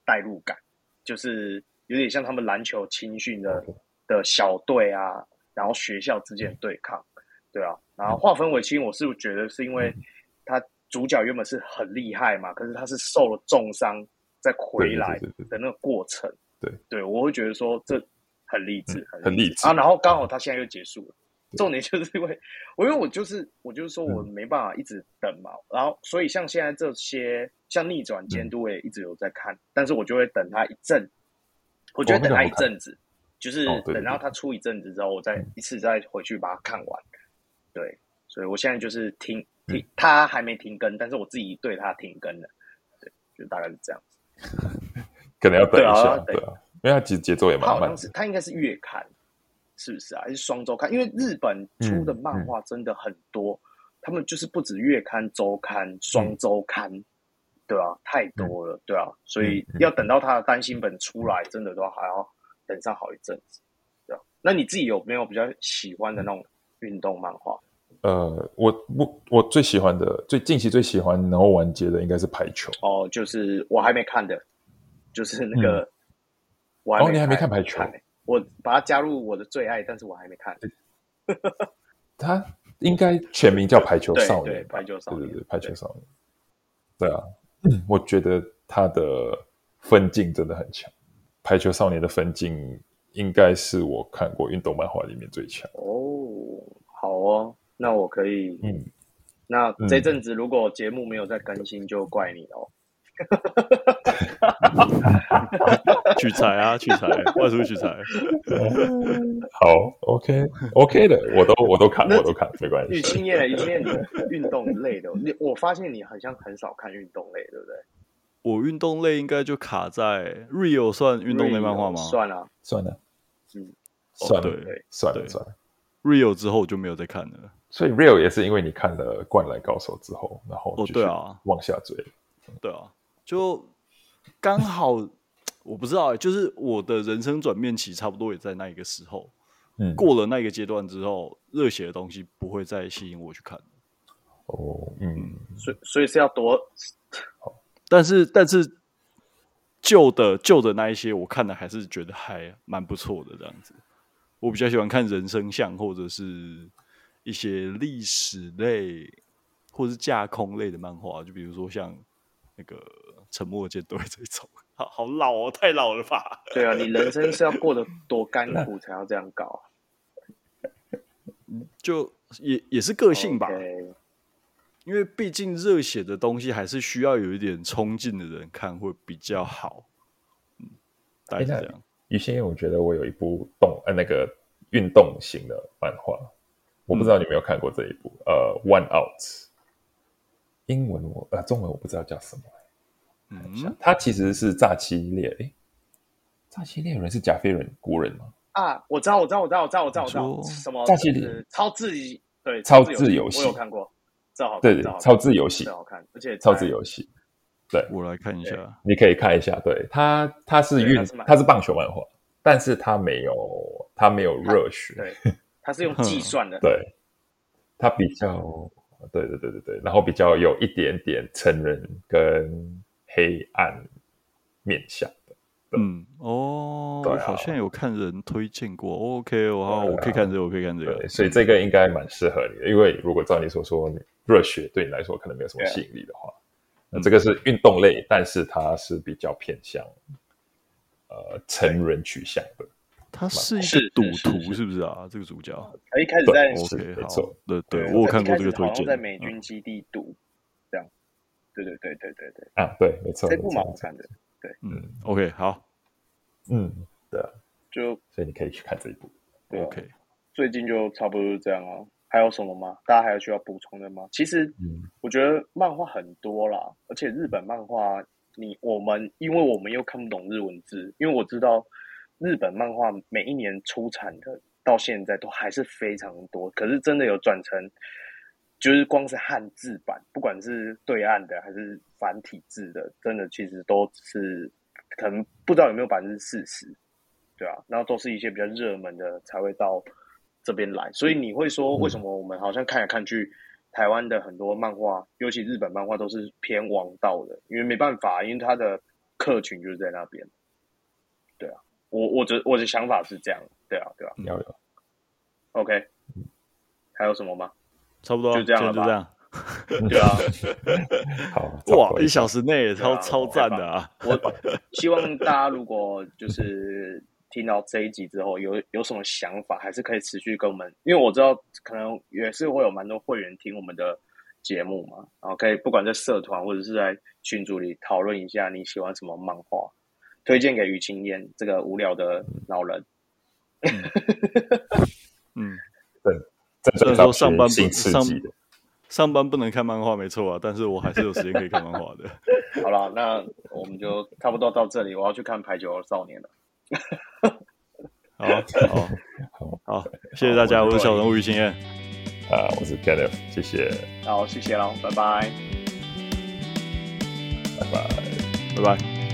代入感，哦 okay. 就是有點像他們籃球青訓的、哦 okay. 的小隊啊，然後學校之間的對抗，嗯、對啊，然後劃分為青，我是覺得是因為他主角原本是很厲害嘛，嗯、可是他是受了重傷再回來的那個過程。嗯對對，我會覺得說這很勵志，很勵志啊。然後剛好他現在又結束了，重點就是因為我因為我就是我就是說我沒辦法一直等嘛。然後所以像現在這些像逆轉監督，我也一直有在看，但是我就會等他一陣，我就會等他一陣子，就是等到他出一陣子之後，我再一次再回去把它看完。對，所以我現在就是停停，他還沒停更，但是我自己對他停更了。對，就大概是這樣子。可能要等一下，哦、對啊，啊對啊，因為他其實節奏也蠻慢的。他好像是，他應該是月刊，是不是啊？還是雙週刊？因為日本出的漫畫真的很多，嗯嗯、他們就是不止月刊、週刊、雙週刊，對啊，太多了，嗯、對啊，所以要等到他的單行本出來，真的都還要等上好一陣子，對、啊、那你自己有沒有比較喜歡的那種運動漫畫？嗯、呃，我我我最喜歡的、最近期最喜歡然後完結的應該是排球。哦，就是我還沒看的。就是那個哦，你還沒看排球？我把它加入我的最愛，但是我還沒看。他應該全名叫《排球少年》吧？對，《排球少年》。對啊，我覺得他的分鏡真的很強，《排球少年》的分鏡應該是我看過運動漫畫裡面最強。哦，好哦，那我可以。嗯，那這陣子如果節目沒有再更新，就怪你哦。哈哈取材啊，取材，外出取材。好，OK，OK 的，我都我都看，我都看，沒關係。經驗，經驗，運動類的。你我發現你好像很少看運動類，對不對？我運動類應該就卡在 Real 算運動類漫畫嗎？算了，算了，嗯，算了，算了，算了。Real 之後我就沒有再看了。所以 Real 也是因為你看了《灌籃高手》之後，然後哦，對啊，往下追，對啊。就剛好，我不知道、欸， [LAUGHS] 就是我的人生轉變期差不多也在那一個時候。嗯，過了那一個階段之後，熱血的東西不會再吸引我去看。哦，嗯，嗯，所以所以是要多好，但是但是舊的舊的那一些，我看的還是覺得還蠻不錯的。這樣子，我比較喜歡看人生像，或者是一些歷史類，或者是架空類的漫畫。就比如說像那個。沉默間都在走，好好老哦，太老了吧。對啊，你人生是要過得多乾苦才要這樣搞？ [LAUGHS] [LAUGHS] 就也也是個性吧，Okay. 因為畢竟熱血的東西還是需要有一點衝勁的人看會比較好。嗯，大概這樣，余先生，我覺得我有一部動呃那個運動型的漫畫，嗯、我不知道你有沒有看過這一部呃《One Out》，英文我呃中文我不知道叫什麼。嗯，他其實是詐欺獵？詐欺獵人是甲斐人谷忍嗎？啊，我知道，我知道，我知道，我知道，我知道，知道什麼詐欺獵？超智遊？對，超智遊戲，我有看過，好超智遊戲，超智遊戲，對我來看一下，你可以看一下，對，他他是運，他是棒球漫畫，但是他沒有他沒有熱血，對，他是用計算的，對，他比較對對對對對，然後比較有一點點成人跟。黑暗面向的，嗯哦，好像有看人推薦過。OK，我我可以看這個，我可以看這個，所以這個應該蠻適合你的。因為如果照你所說，熱血對你來說可能沒有什麼吸引力的話，那這個是運動類，但是它是比較偏向呃成人取向的。他是是賭徒，是不是啊？這個主角他一開始在對對，我有看過這個推薦，在美軍基地賭。對對對對對對啊對沒錯，這部蠻好看的，對嗯 OK 好，嗯對，就所以你可以去看這一部對、啊、OK，最近就差不多是這樣啊，還有什麼嗎？大家還有需要補充的嗎？其實、嗯、我覺得漫畫很多啦，而且日本漫畫你我們因為我們又看不懂日文字，因為我知道日本漫畫每一年出產的到現在都還是非常多，可是真的有轉成。就是光是漢字版，不管是對岸的還是繁體字的，真的其實都是可能不知道有沒有百分之四十，對啊，然後都是一些比較熱門的才會到這邊來，所以你會說為什麼我們好像看來看去，嗯、台灣的很多漫畫，尤其日本漫畫都是偏王道的，因為沒辦法，因為他的客群就是在那邊，對啊，我我的我的想法是這樣，對啊，對啊、啊？有有、嗯、，OK，還有什麼嗎？差不多，就這樣了吧，就這樣，就這樣。對啊，好 [LAUGHS] 哇！ [LAUGHS] 一小時內也超、 [LAUGHS] 啊、超贊的啊！我希望大家如果就是聽到這一集之後，有有什麼想法，還是可以持續跟我們，因為我知道可能也是會有蠻多會員聽我們的節目嘛，然後可以不管在社團或者是在群組裡討論一下你喜歡什麼漫畫，推薦給於青煙這個無聊的老人。嗯。 [LAUGHS] 嗯雖然說上班不上上班不能看漫畫沒錯啊，但是我還是有時間可以看漫畫的。 [LAUGHS] 好了，那我們就差不多到這裡，我要去看《排球少年》了。好 [LAUGHS] 好好，好好好謝謝大家，對我是小人物余心燕。啊，我是 Kenneft，謝謝。好，謝謝嘍，拜拜。拜拜， [LAUGHS] 拜拜。